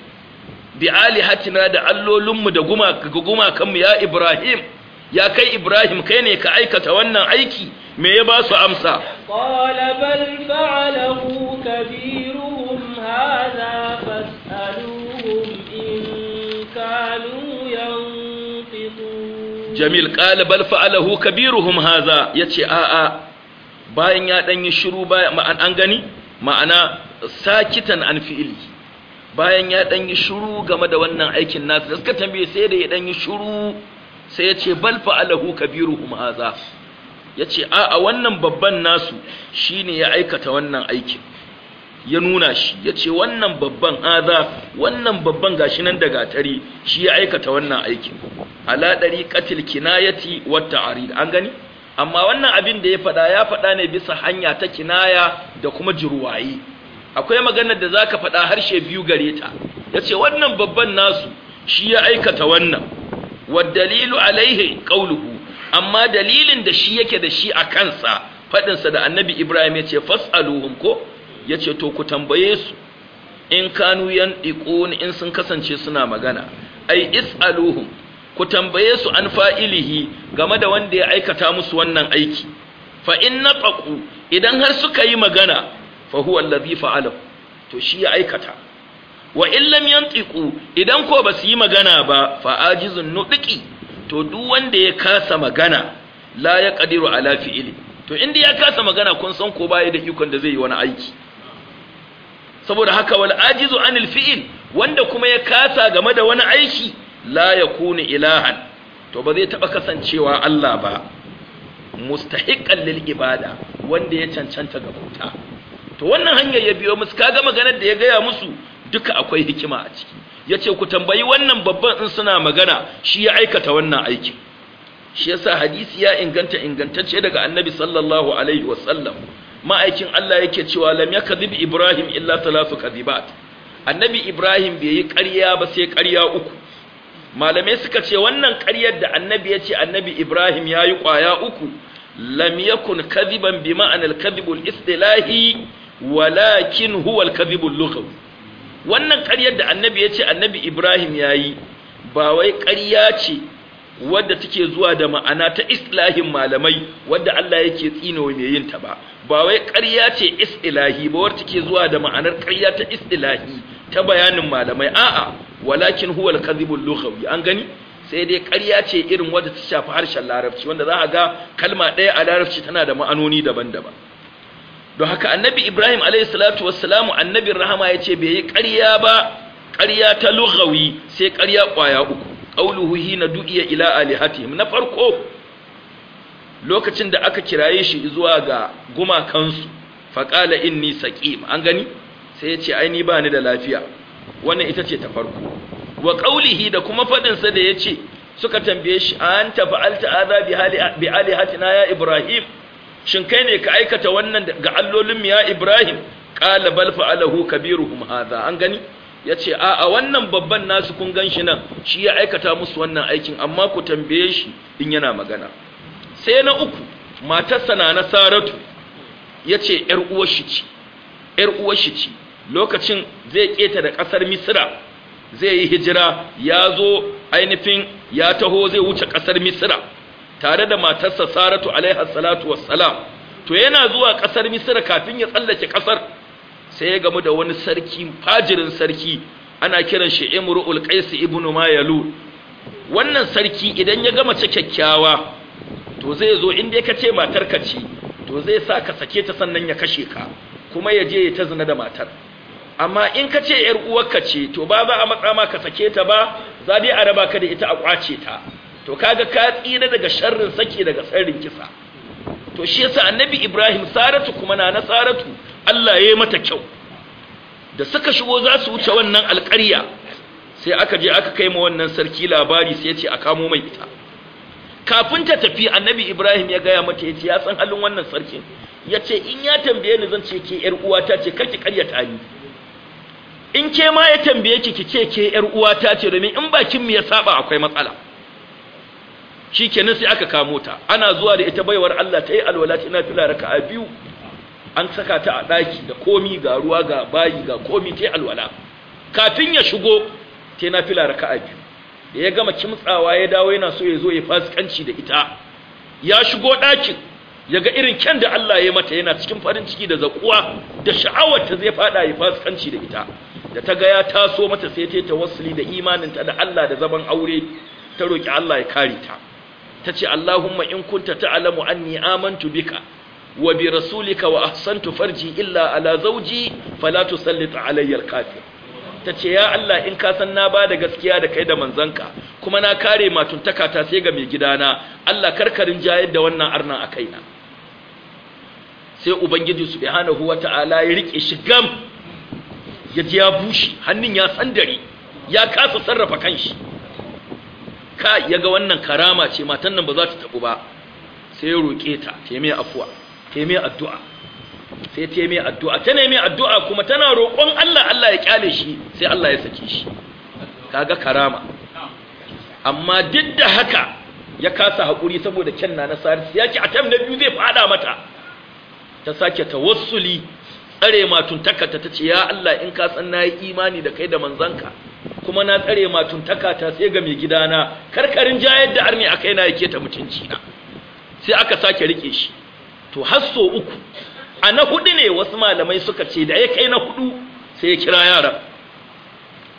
bi alihatina da allolinmu da ga gumakanmu ya ibrahim ya kai ibrahim kai ne ka aikata wannan aiki me ya ba su amsa qala bal fa'alahu kabiruhum hadha fas'alu jamil qala bal fa'alahu kabiruhum hadha Ya ce a'a bayan ya ɗan yi shiru bayan an gani ma'ana sakitan an fi'ili bayan ya ɗan yi shiru game da wannan aikin nasu da suka tambaye sai da ya ɗan yi shiru sai ya ce bal fa'alahu kabiruhum hadha yace ce a'a wannan babban nasu shine ya aikata wannan aikin ya nuna shi ya ce wannan babban haza wannan babban gashi nan da gatari shi ya aikata wannan aikin ala katil kinayati wat ta'rid an gani amma wannan abin da ya faɗa ya faɗa ne bisa hanya ta kinaya da kuma jirwayi akwai maganar da zaka faɗa harshe biyu gare ta ce wannan babban nasu shi ya aikata wannan Wa dalilu alaihi qawluhu amma dalilin da shi yake da shi a kansa faɗinsa da annabi Ibrahim ya ce fas'aluhum ko ya ce to ku tambaye su in kanu yan ɗiƙoni in sun kasance suna magana ai is'aluhum ku tambaye su an fa'ilihi game da wanda ya aikata musu wannan aiki fa in na idan har suka yi magana fa huwa allazi fa'alahu to shi ya aikata wa in lam yantiqu idan ko ba su yi magana ba fa ajizun nudiki to duk wanda ya kasa magana la ya qadiru ala fi'ili to inda ya kasa magana kun san ko baya da ikon da zai yi wani aiki saboda haka wal ajizu anil fi'il wanda kuma ya kasa game da wani aiki la yakunu ilahan to ba zai taba kasancewa Allah ba mustahiqqan lil ibada wanda ya cancanta ga bauta to wannan hanyar ya biyo musu kaga maganar da ya gaya musu duka akwai hikima a ciki yace ku tambayi wannan babban in suna magana shi ya aikata wannan aikin shi yasa hadisi ya inganta ingantacce daga annabi sallallahu alaihi wasallam ma'aikin Allah yake cewa lam yakdhib Ibrahim illa thalathu kadhibat annabi Ibrahim bai yi ƙarya ba sai ƙarya uku malamai suka ce wannan ƙaryar da annabi ya ce annabi Ibrahim ya yi ƙwaya uku lam yakun kadhiban bi ma'anal kadhibul istilahi walakin huwa al-kadhibul wannan ƙaryar da annabi ya ce annabi Ibrahim ya yi ba wai ƙarya ce wadda take zuwa da ma'ana ta islahin malamai wadda Allah yake tsino mai yin ta ba ba wai ƙarya ce islahi ba wadda take zuwa da ma'anar ƙarya ta islahi ta bayanin malamai a'a walakin huwal al-kadhibul lughawi an gani sai dai ƙarya ce irin wadda ta shafi harshen larabci wanda za a ga kalma ɗaya a larabci tana da ma'anoni daban-daban don haka annabi Ibrahim alayhi salatu wassalamu annabin rahama yace bai yi ƙarya ba ƙarya ta lughawi sai ƙarya ƙwaya uku qawluhu hina du'iya ila alihatihim na farko lokacin da aka kiraye shi zuwa ga gumakansu faqala inni saqim an gani sai ya ce ai ni bani da lafiya wannan ita ce ta farko wa ƙaulihi da kuma fadin sa da ce suka tambaye shi an tafa'alta adha bi hali bi alihatina ya ibrahim shin kai ne ka aikata wannan ga allolin ya ibrahim qala bal fa'alahu kabiruhum hadha an gani ya ce a a wannan babban nasu kun gan shi nan shi ya aikata musu wannan aikin amma ku tambaye shi in yana magana sai na uku matarsa na na saratu ya ce ‘yar uwar shi ce lokacin zai keta da ƙasar misira zai yi hijira ya zo ainihin ya taho zai wuce ƙasar misira tare da matarsa saratu alaihassalatu wassalam to yana zuwa ƙasar misira kafin ya tsallake ƙasar sai ya gamu da wani sarki fajirin sarki ana kiran shi Ul qais ibn mayalu wannan sarki idan ya gama ce kyakkyawa to zai zo inda ya kace matar ka ce to zai sa ka sake ta sannan ya kashe ka kuma ya je ya ta zina da matar amma in ka ce ‘yar ka ce, to ba za a matsa ma ka sake ta ba, za dai a raba ka da ita a kwace ta, to kaga ka tsira daga sharrin saki daga tsarin kisa. To shi yasa annabi Ibrahim Saratu kuma na na Saratu Allah ya yi mata kyau da suka shigo za su wuce wannan alƙarya sai aka je aka kai ma wannan sarki labari sai ya ce a kamo mai ita kafin ta tafi annabi ibrahim ya gaya mata ya ce ya san halin wannan sarkin ya ce in ya tambaye ni zan ce ke yar uwata ce kar ki karyata ni in ke ma ya tambaye ki ki ce ke yar uwata ce domin in bakin mu ya saba akwai matsala shikenan sai aka kamo ta ana zuwa da ita baiwar Allah ta yi alwala ina fila raka'a biyu an saka ta a ɗaki da komi ga ruwa ga bayi ga komi ta alwala kafin ya shigo ta na fila raka'a biyu da ya gama kimtsawa ya dawo yana so ya zo ya fasikanci da ita ya shigo ɗakin Yaga irin kyan da Allah ya mata yana cikin farin ciki da zakuwa da sha'awar ta zai fada ya fasikanci da ita da ta ga ya taso mata sai ta tawassuli da imanin ta da Allah da zaman aure ta roki Allah ya kare ta tace Allahumma in kunta ta'lamu anni amantu bika wa bi rasulika wa ahsantu farji illa ala zawji fala tusallit alayya al-kafir tace ya Allah in ka san na bada gaskiya da kai da manzanka kuma na kare matuntaka ta sai ga mai gidana Allah karkarin jayar da wannan arnan a kaina sai ubangiji subhanahu wata'ala ya rike shi gam ya ji ya bushe hannun ya sandare ya kasa sarrafa kanshi ka yaga wannan karama ce matan nan ba za ta tabu ba sai ya roke ta ta mai afuwa sai addu'a sai ta mai addu'a ta ne addu'a kuma tana roƙon Allah Allah ya ƙyale shi sai Allah ya sake shi kaga karama amma duk da haka ya kasa haƙuri saboda kyan na Salisu ya ce a tam na biyu zai fada mata ta sake tawassuli tsare matuntakata ta ce ya Allah in ka san na yi imani da kai da manzanka kuma na tsare matuntakata sai ga mai gidana karkarin jayar da arni a kaina yake ta mutunci na sai aka sake rike shi to har so uku a na hudu ne wasu malamai suka ce da ya kai na hudu sai ya kira yaran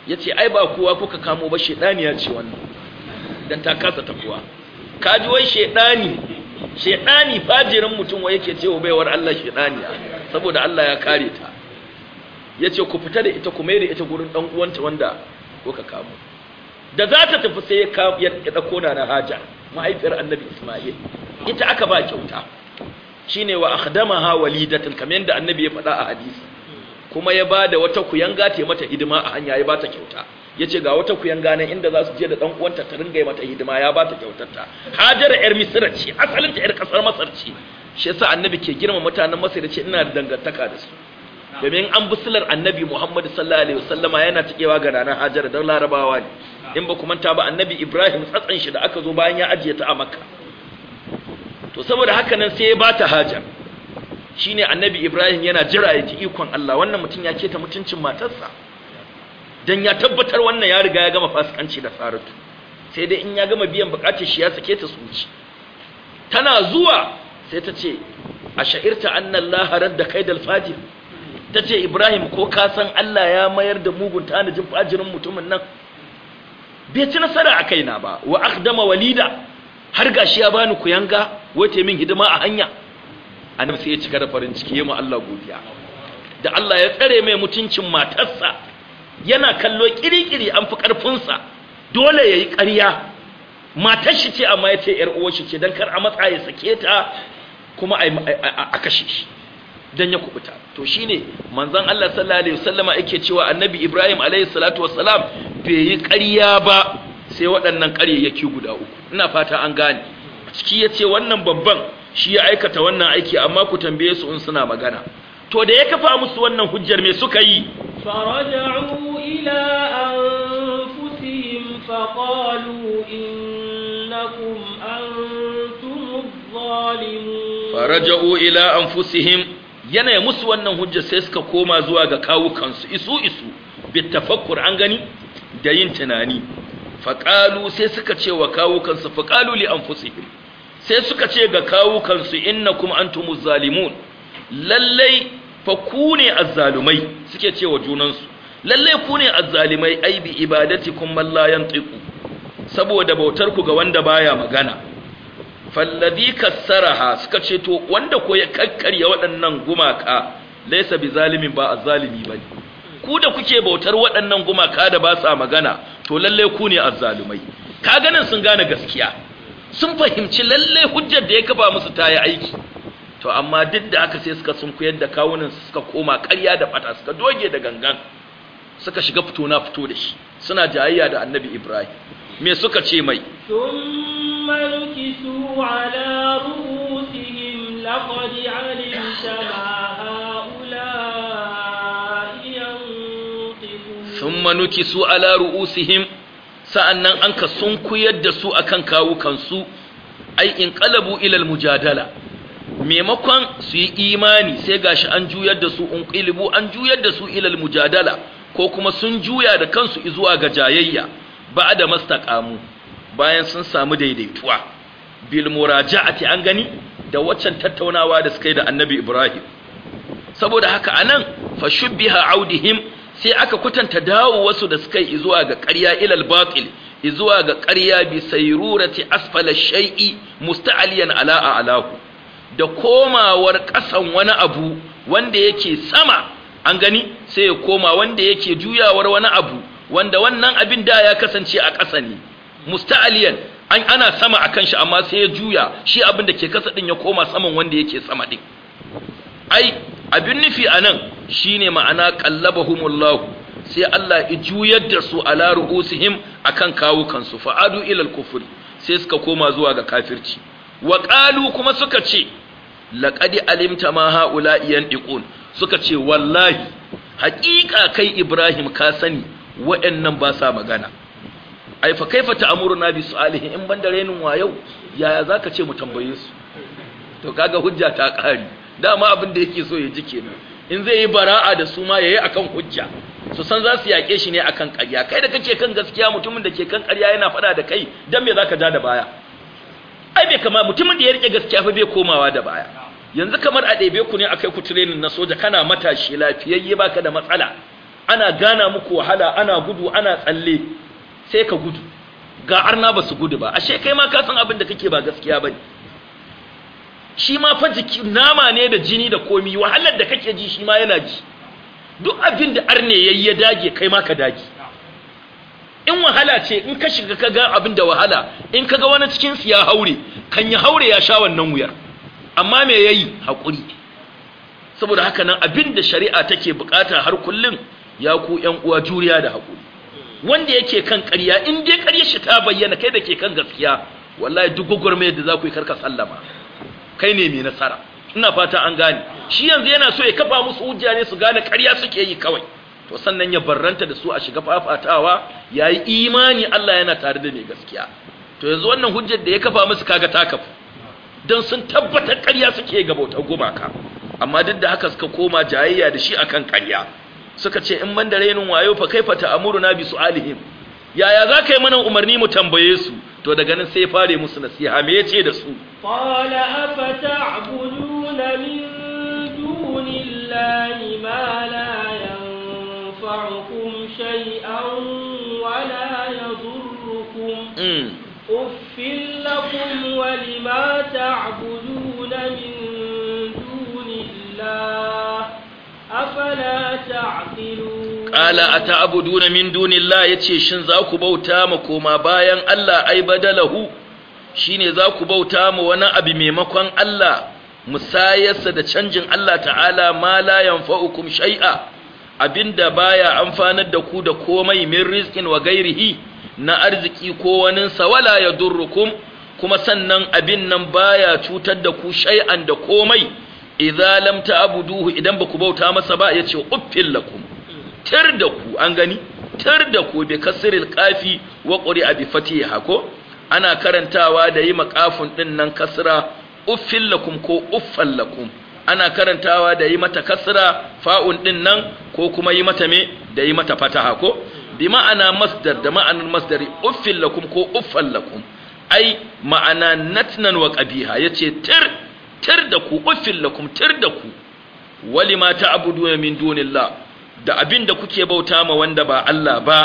ya ce ai ba kowa kuka kamo ba ya ce wannan don ta kasa kuwa, kaji wai shaidani shaidani fajirin mutum wa yake wa baiwar Allah shaidaniya saboda Allah ya kare ta ya ce ku fita da ita ku mai da ita gurin dan uwanta wanda kuka kamo da za ta tafi sai ya ɗauko na na haja ma'aifiyar annabi ismail ita aka ba kyauta shine wa akhdamaha walidatan kamar yadda annabi ya faɗa a hadisi kuma ya bada wata kuyanga ta mata hidima a hanya ya bata kyauta yace ga wata kuyanga nan inda za su je da dan uwanta ta ringa mata hidima ya bata kyautar ta Hajara yar Misra ce asalin ta yar kasar Masar ce shi yasa annabi ke girma mutanen Masar yace ina da dangantaka da su domin an busular annabi Muhammad sallallahu alaihi wasallama yana cikewa ga ranar Hajara dan Larabawa ne in ba ku manta ba annabi Ibrahim tsatsan shi da aka zo bayan ya ajiye ta a Makka to saboda haka nan sai ya bata haja shine annabi ibrahim yana jira ya ikon Allah wannan mutum ya ta mutuncin matarsa dan ya tabbatar wannan ya riga ya gama fasikanci da saratu sai dai in ya gama biyan bukatar shi ya sake ta suci tana zuwa sai ta ce a sha'irta annallaha radda kaidal fajir ta ce ibrahim ko ka san allah ya mayar da mugun tanajin fajirin mutumin nan bai ci nasara a kaina ba wa akdama walida har gashi ya bani kuyanga wace min hidima a hanya annabi sai ya cika da farin ciki yayin Allah godiya da Allah ya tsare mai mutuncin matarsa yana kallo kirikiri an fi karfin sa dole yayi ƙarya matar shi ce amma yace yar uwar shi ce dan kar a matsa ya sake ta kuma a kashe shi dan ya kubuta to shine manzon Allah sallallahu alaihi wasallama yake cewa annabi Ibrahim alaihi salatu wassalam bai yi ƙarya ba sai waɗannan ƙaryayyaki guda uku ina fata an gane shi ya ce wannan babban shi ya aikata wannan aiki amma ku tambaye su in suna magana to da ya kafa musu wannan hujjar me suka yi faraja'u ila anfusihim faqalu innakum antum adh-dhalimun faraja'u ila anfusihim yana musu wannan hujjar sai suka koma zuwa ga kawukansu isu isu bitafakkur an gani da yin tunani faqalu sai suka ce wa kawukansu faqalu li anfusihim sai suka ce ga kawukansu innakum antumuz zalimun lallai fa ku ne azzalumai suke cewa junansu lallai ku ne azzalumai ai bi ibadatikum man la yantiqu saboda bautar ku ga wanda baya magana falladhi kassaraha suka ce to wanda ko ya kakkarya waɗannan gumaka laysa bi zalimin ba azzalimi bane ku da kuke bautar waɗannan gumaka da ba sa magana to lallai ku ne azzalumai ka ganin sun gane gaskiya sun fahimci lallai hujjar da ya kafa musu ta yi aiki to amma duk da aka sai suka sunkuyar da kawunan suka koma ƙarya da fata suka doge da gangan suka shiga fito na fito da shi suna jayayya da annabi ibrahim me suka ce mai sun yukisu ala ru'usihim laqad haula ala ru'usihim sa'annan an ka kuyar da su akan kansu ai in qalabu ila mujadala maimakon su yi imani sai gashi an juyar da su unqilibu an juyar da su ila mujadala, ko kuma sun juya da kansu zuwa ga jayayya da mastakamu bayan sun samu daidaituwa bil muraja'ati an gani da waccan tattaunawa da suka yi da annabi ibrahim saboda haka anan fashubbiha audihim sai aka kwatanta dawo wasu da suka yi zuwa ga ƙarya ilal batil zuwa ga ƙarya bi sayrurati asfala shay'i musta'aliyan ala alahu da komawar ƙasan wani abu wanda yake sama an gani sai ya koma wanda yake juyawar wani abu wanda wannan abin da ya kasance a ƙasa ne musta'aliyan an ana sama akan shi amma sai ya juya shi abin da ke kasa din ya koma saman wanda yake sama din ai abin nufi a nan shi ne ma'ana humullahu sai Allah ya juyar da su ala a kan kawukansu fa'adu ilal kufur sai suka koma zuwa ga kafirci wa ƙalu kuma suka ce laƙadi alimta ma ha'ula iyan iƙun suka ce wallahi haƙiƙa kai ibrahim ka sani nan ba sa magana ai fa kaifa ta'muruna in ban da renin wayau yaya zaka ce mu tambaye su to kaga hujja ta ƙari dama abin da yake so ya ji kenan in zai yi bara'a da su ma yayi akan hujja su san za su yaƙe shi ne akan ƙarya kai da kake kan gaskiya mutumin da ke kan ƙarya yana faɗa da kai dan me zaka ja da baya ai bai kama mutumin da ya rike gaskiya fa bai komawa da baya yanzu kamar a ɗebe ku ne akai ku training na soja kana matashi lafiyayye baka da matsala ana gana muku wahala ana gudu ana tsalle sai ka gudu ga arna ba su gudu ba ashe kai ma ka san abin da kake ba gaskiya bane shi ma fa jiki nama ne da jini da komi wahalar da kake ji shi ma yana ji duk abin da arne yayi ya dage kai ma ka dage in wahala ce in ka shiga ka ga abin da wahala in ka ga wani cikin su ya haure kan ya haure ya sha wannan wuyar amma me yayi hakuri saboda haka nan abin da shari'a take bukata har kullum, ya ku uwa juriya da hakuri wanda yake kan ƙarya in dai ƙaryar shi ta bayyana kai da ke kan gaskiya wallahi duk gugurme da za ku yi karka sallama kai ne mai nasara ina fata an gane shi yanzu yana so ya kafa musu hujja ne su gane ƙarya suke yi kawai to sannan ya barranta da su a shiga fafatawa yayi imani Allah yana tare da mai gaskiya to yanzu wannan hujjar da ya kafa musu kaga ta kafu dan sun tabbatar ƙarya suke ga bautar gumaka amma duk da haka suka koma jayayya da shi akan ƙarya suka ce in ban da rainin wayo fa kaifa ta'muruna bi su'alihim yaya za ka yi mana umarni mu tambaye su to daga nan sai fare musu nasiha me yace da su qala afata'buduna min dunillahi ma la yanfa'ukum shay'an wa la yadurrukum hmm. uffil lakum wa lima ta'buduna min dunillahi Ƙala a qala ata'buduna min yace shin za ku bauta ma koma bayan Allah ai badalahu shine za ku bauta ma wani abu maimakon Allah musayarsa da canjin Allah ta'ala ma la shai'a, abinda baya amfanar da ku da komai min riskin wa gairihi na arziki ko waninsa wala yadurrukum kuma sannan abin nan baya cutar da ku shai'an da komai idza lam ta'buduhu idan baku bauta masa ba yace uffil lakum tar da ku an gani tar da ku bi kasril qafi wa quri'a bi fatiha ko ana karantawa da yi makafin din nan kasra uffil lakum ko uffal lakum ana karantawa da yi mata kasra fa'un din nan ko kuma yi mata me da yi mata fataha ko bi ma'ana masdar da ma'anar masdari uffil lakum ko uffal lakum ai ma'ana natnan wa qabiha yace tar tir da ku uffil lakum tir da ku walima ta'buduna min dunillah da abin da kuke bauta ma wanda ba Allah ba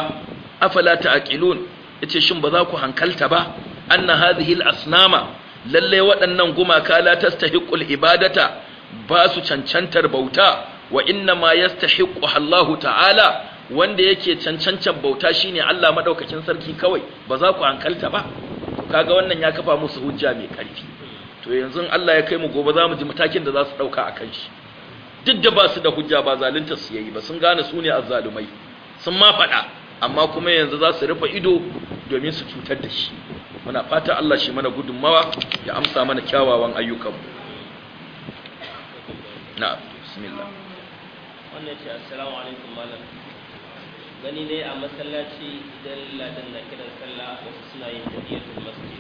afala ta'qilun yace shin ba za ku hankalta ba anna hadhihi al-asnama lalle waɗannan gumaka la tastahiqul ibadata ba su cancantar bauta wa inna ma yastahiqu Allahu ta'ala wanda yake cancancan bauta shine Allah madaukakin sarki kawai ba za ku hankalta ba kaga wannan ya kafa musu hujja mai karfi. to yanzu Allah ya kai mu gobe za mu ji matakin da za su ɗauka a kanshi. shi duk da ba su da hujja ba zalunta su yayi ba sun gane su ne azzalumai sun ma faɗa amma kuma yanzu za su rufe ido domin su cutar da shi muna fata Allah shi mana gudunmawa ya amsa mana kyawawan ayyukanmu na bismillah wannan ce assalamu alaikum malam gani ne a masallaci idan ladan na kiran sallah wasu suna yin tafiyatul masjid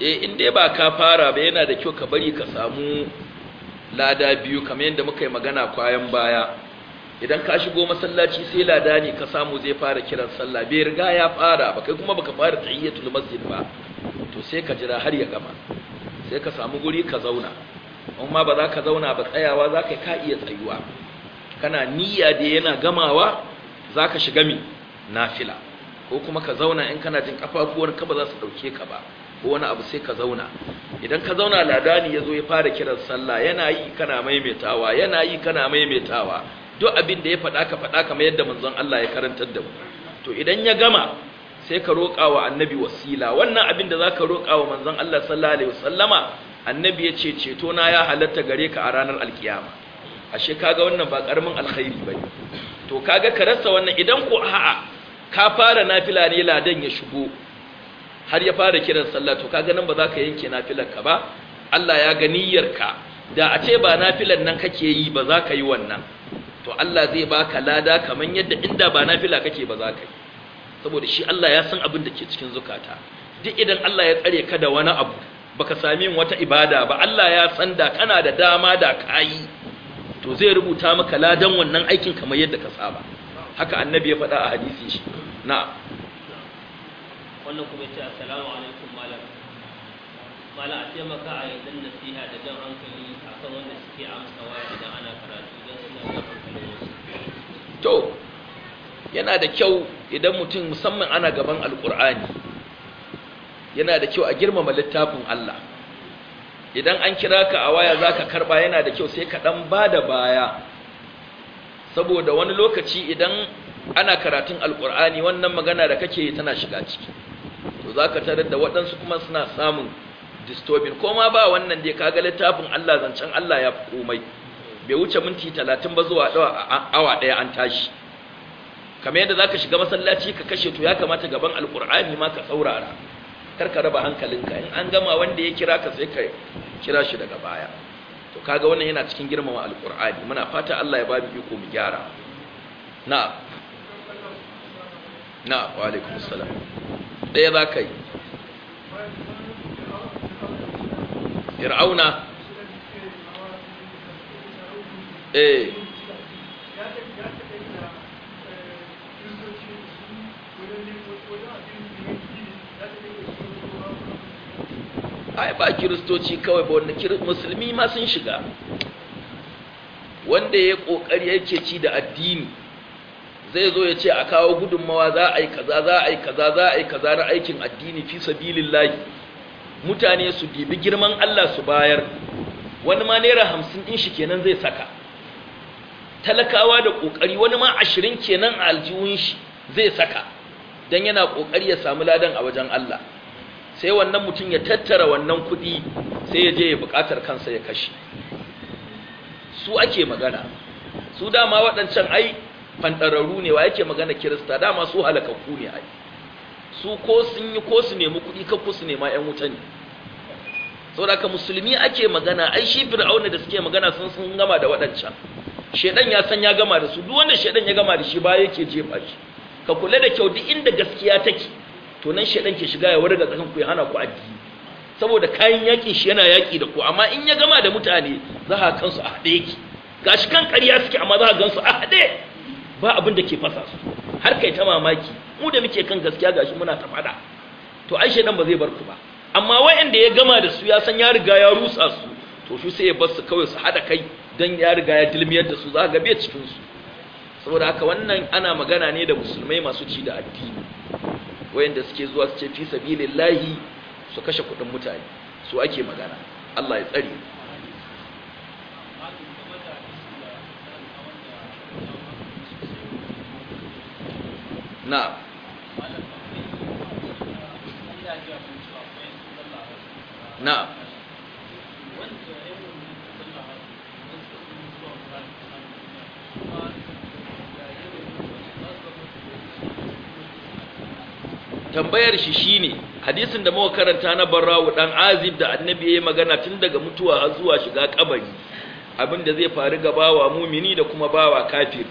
eh in dai ba ka fara ba yana da kyau ka bari ka samu lada biyu kamar yadda muka yi magana kwayan baya idan ka shigo masallaci sai lada ne ka samu zai fara kiran sallah bai riga ya fara ba kai kuma baka fara tahiyatul masjid ba to sai ka jira har ya gama sai ka samu guri ka zauna amma ba za ka zauna ba tsayawa za ka ka iya tsayuwa kana niyya da yana gamawa za ka shiga mi nafila ko kuma ka zauna in kana jin kafafuwar ka ba za su dauke ka ba ko wani abu sai ka zauna idan ka zauna ladani yazo ya fara kiran sallah yana yi kana maimaitawa yana yi kana maimaitawa duk abin da ya faɗa ka faɗa kamar yadda manzon Allah ya karantar da mu to idan ya gama sai ka roƙa wa annabi wasila wannan abin da zaka roƙa wa manzon Allah sallallahu alaihi wasallama annabi ya ce ceto na ya halatta gare ka a ranar alkiyama ashe kaga wannan ba karamin alkhairi bane to kaga ka rasa wannan idan ko a'a ka fara nafila ne ladan ya shigo har ya fara kiran sallah to kaga nan ba za ka yanke nafilan ka ba Allah ya ga niyyarka da a ce ba nafilan nan kake yi ba za ka yi wannan to Allah zai baka lada kaman yadda inda ba nafila kake ba za ka yi saboda shi Allah ya san abin da ke cikin zukata duk idan Allah ya tsare ka da wani abu baka sami wata ibada ba Allah ya san da kana da dama da kayi to zai rubuta maka ladan wannan aikin kamar yadda ka saba haka annabi ya faɗa a hadisi shi na'am wannan kuma ya ce assalamu alaikum malam malam a taimaka a yanzu nasiha da jan hankali a kan wanda suke amsa waya idan ana karatu don suna jan hankalin wasu to yana da kyau idan mutum musamman ana gaban alkur'ani yana da kyau a girmama littafin Allah idan an kira ka a waya za ka karɓa yana da kyau sai ka ɗan ba da baya saboda wani lokaci idan ana karatun alkur'ani wannan magana da kake tana shiga ciki to ka tarar da waɗansu kuma suna samun disturbing koma ba wannan dai kaga littafin Allah zancen Allah ya komai bai wuce minti 30 ba zuwa awa daya an tashi kamar yadda zaka shiga masallaci ka kashe to ya kamata gaban alkur'ani ma ka saurara kar ka raba hankalinka in an gama wanda ya kira ka sai ka kira shi daga baya to kaga wannan yana cikin girmama alkur'ani muna fata Allah ya ba mu iko mu gyara na na wa alaikumus salaam ɗaya za ka yi fir'auna eh ai ba kiristoci kawai ba wanda musulmi ma sun shiga wanda ya kokari yake ci da addini zai zo ya ce a kawo gudunmawa za a yi kaza za a yi kaza za a yi kaza na aikin addini fi sabilillahi mutane su dibi girman Allah su bayar wani ma naira hamsin in shi kenan zai saka talakawa da ƙoƙari wani ma ashirin kenan a aljihun shi zai saka Dan yana ƙoƙari ya samu ladan a wajen Allah sai wannan mutum ya tattara wannan kuɗi sai ya je ya buƙatar kansa ya kashe su ake magana su dama waɗancan ai fanɗararru ne wa yake magana kirista dama su halakakku ne ai su ko sun yi ko su nemi kuɗi ka ku su nema ƴan wuta ne saboda haka musulmi ake magana ai shi fir'auna da suke magana sun sun gama da waɗancan shedan ya san ya gama da su duk wanda shedan ya gama da shi ba yake jefa shi ka kula da kyau duk inda gaskiya take to nan shedan ke shiga ya warga tsakan ku ya hana ku addini saboda kayan yakin shi yana yaki da ku amma in ya gama da mutane za ka kansu a haɗe yake gashi kan ƙarya suke amma za ka gansu a haɗe ba abin da ke fasa su har kai ta mamaki mu da muke kan gaskiya gashi muna ta fada to ai shedan ba zai bar ku ba amma wayanda ya gama da su ya san ya riga ya rusa su to shi sai ya bar su kawai su hada kai dan ya riga ya dilmiyar da su za ga bai cikin su saboda haka wannan ana magana ne da musulmai masu ci da addini wayanda suke zuwa su ce fi sabilillahi su kashe kudin mutane su ake magana Allah ya tsare Na. Na. tambayar shi shine hadisin da muka karanta na barrawo dan Azib da Annabi ya magana tun daga mutuwa har zuwa shiga kabari abinda zai faru ga bawa mumini da kuma bawa kafiri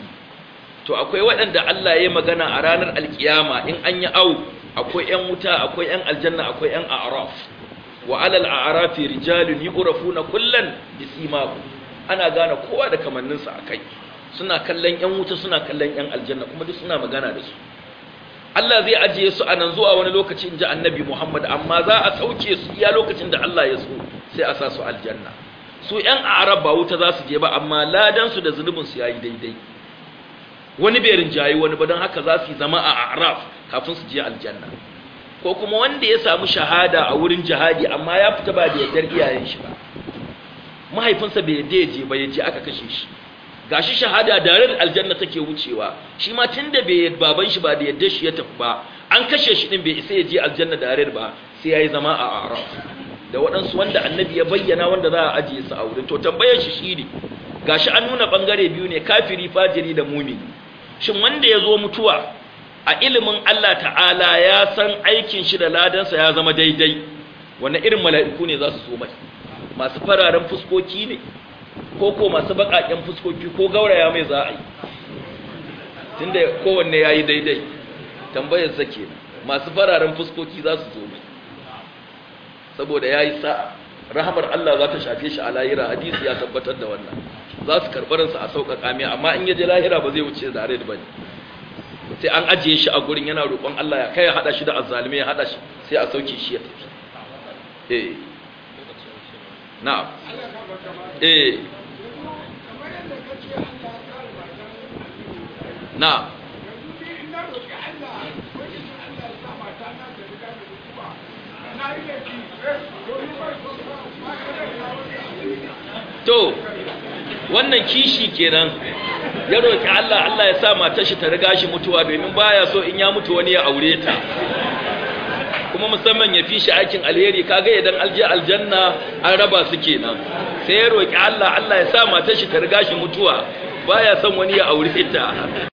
to akwai waɗanda Allah ya yi magana a ranar alkiyama in an yi au akwai ƴan wuta akwai ƴan aljanna akwai ƴan a'raf wa alal a'rafi rijalun yu'rafuna kullan bisimahum ana gane kowa da sa akai suna kallon ƴan wuta suna kallon ƴan aljanna kuma duk suna magana da su Allah zai ajiye su a nan zuwa wani lokaci inji annabi Muhammad amma za a sauke su iya lokacin da Allah ya so sai a sa su aljanna su ƴan arab ba wuta za su je ba amma ladan su da zunubin su yayi daidai wani bai rinjayi wani ba don haka za su zama a araf kafin su je aljanna ko kuma wanda ya samu shahada a wurin jihadi amma ya fita ba da yardar iyayen shi ba mahaifinsa bai yadda ya je ba ya aka kashe shi gashi shahada darin aljanna take wucewa shi ma tunda bai baban shi ba da yadda shi ya tafi ba an kashe shi din bai isa ya je aljanna darin ba sai yayi zama a araf da waɗansu wanda annabi ya bayyana wanda za a ajiye su a wurin to tambayar shi shi Ga gashi an nuna bangare biyu ne kafiri fajiri da mumini shin wanda ya zo mutuwa a ilimin Allah ta'ala ya san aikin shi da ladansa ya zama daidai wanda irin mala'iku ne za su so mai masu fararen fuskoki ne ko ko masu baƙaƙen fuskoki ko gauraya mai za a yi tunda kowanne ya yi daidai tambayar ke masu fararen fuskoki za su zo mai saboda ya yi sa'a rahamar Allah za ta shafe shi a layira hadisi ya tabbatar da wannan za su karbaransa a sauƙaƙa mai amma in ya lahira ba zai wuce da harid ba sai an ajiye shi a gurin yana roƙon Allah ya kai ya haɗa shi da azzalimi ya haɗa shi sai a sauke shi ya tafi eh na'am eh na'am to wannan kishi kenan ya roki Allah Allah ya sa matar shi ta riga shi mutuwa domin baya so in ya mutu wani ya aure ta kuma musamman ya fi shi aikin alheri kaga idan alje aljanna an raba su kenan sai ya roki Allah Allah ya sa matar shi ta riga shi mutuwa baya son wani ya aure ta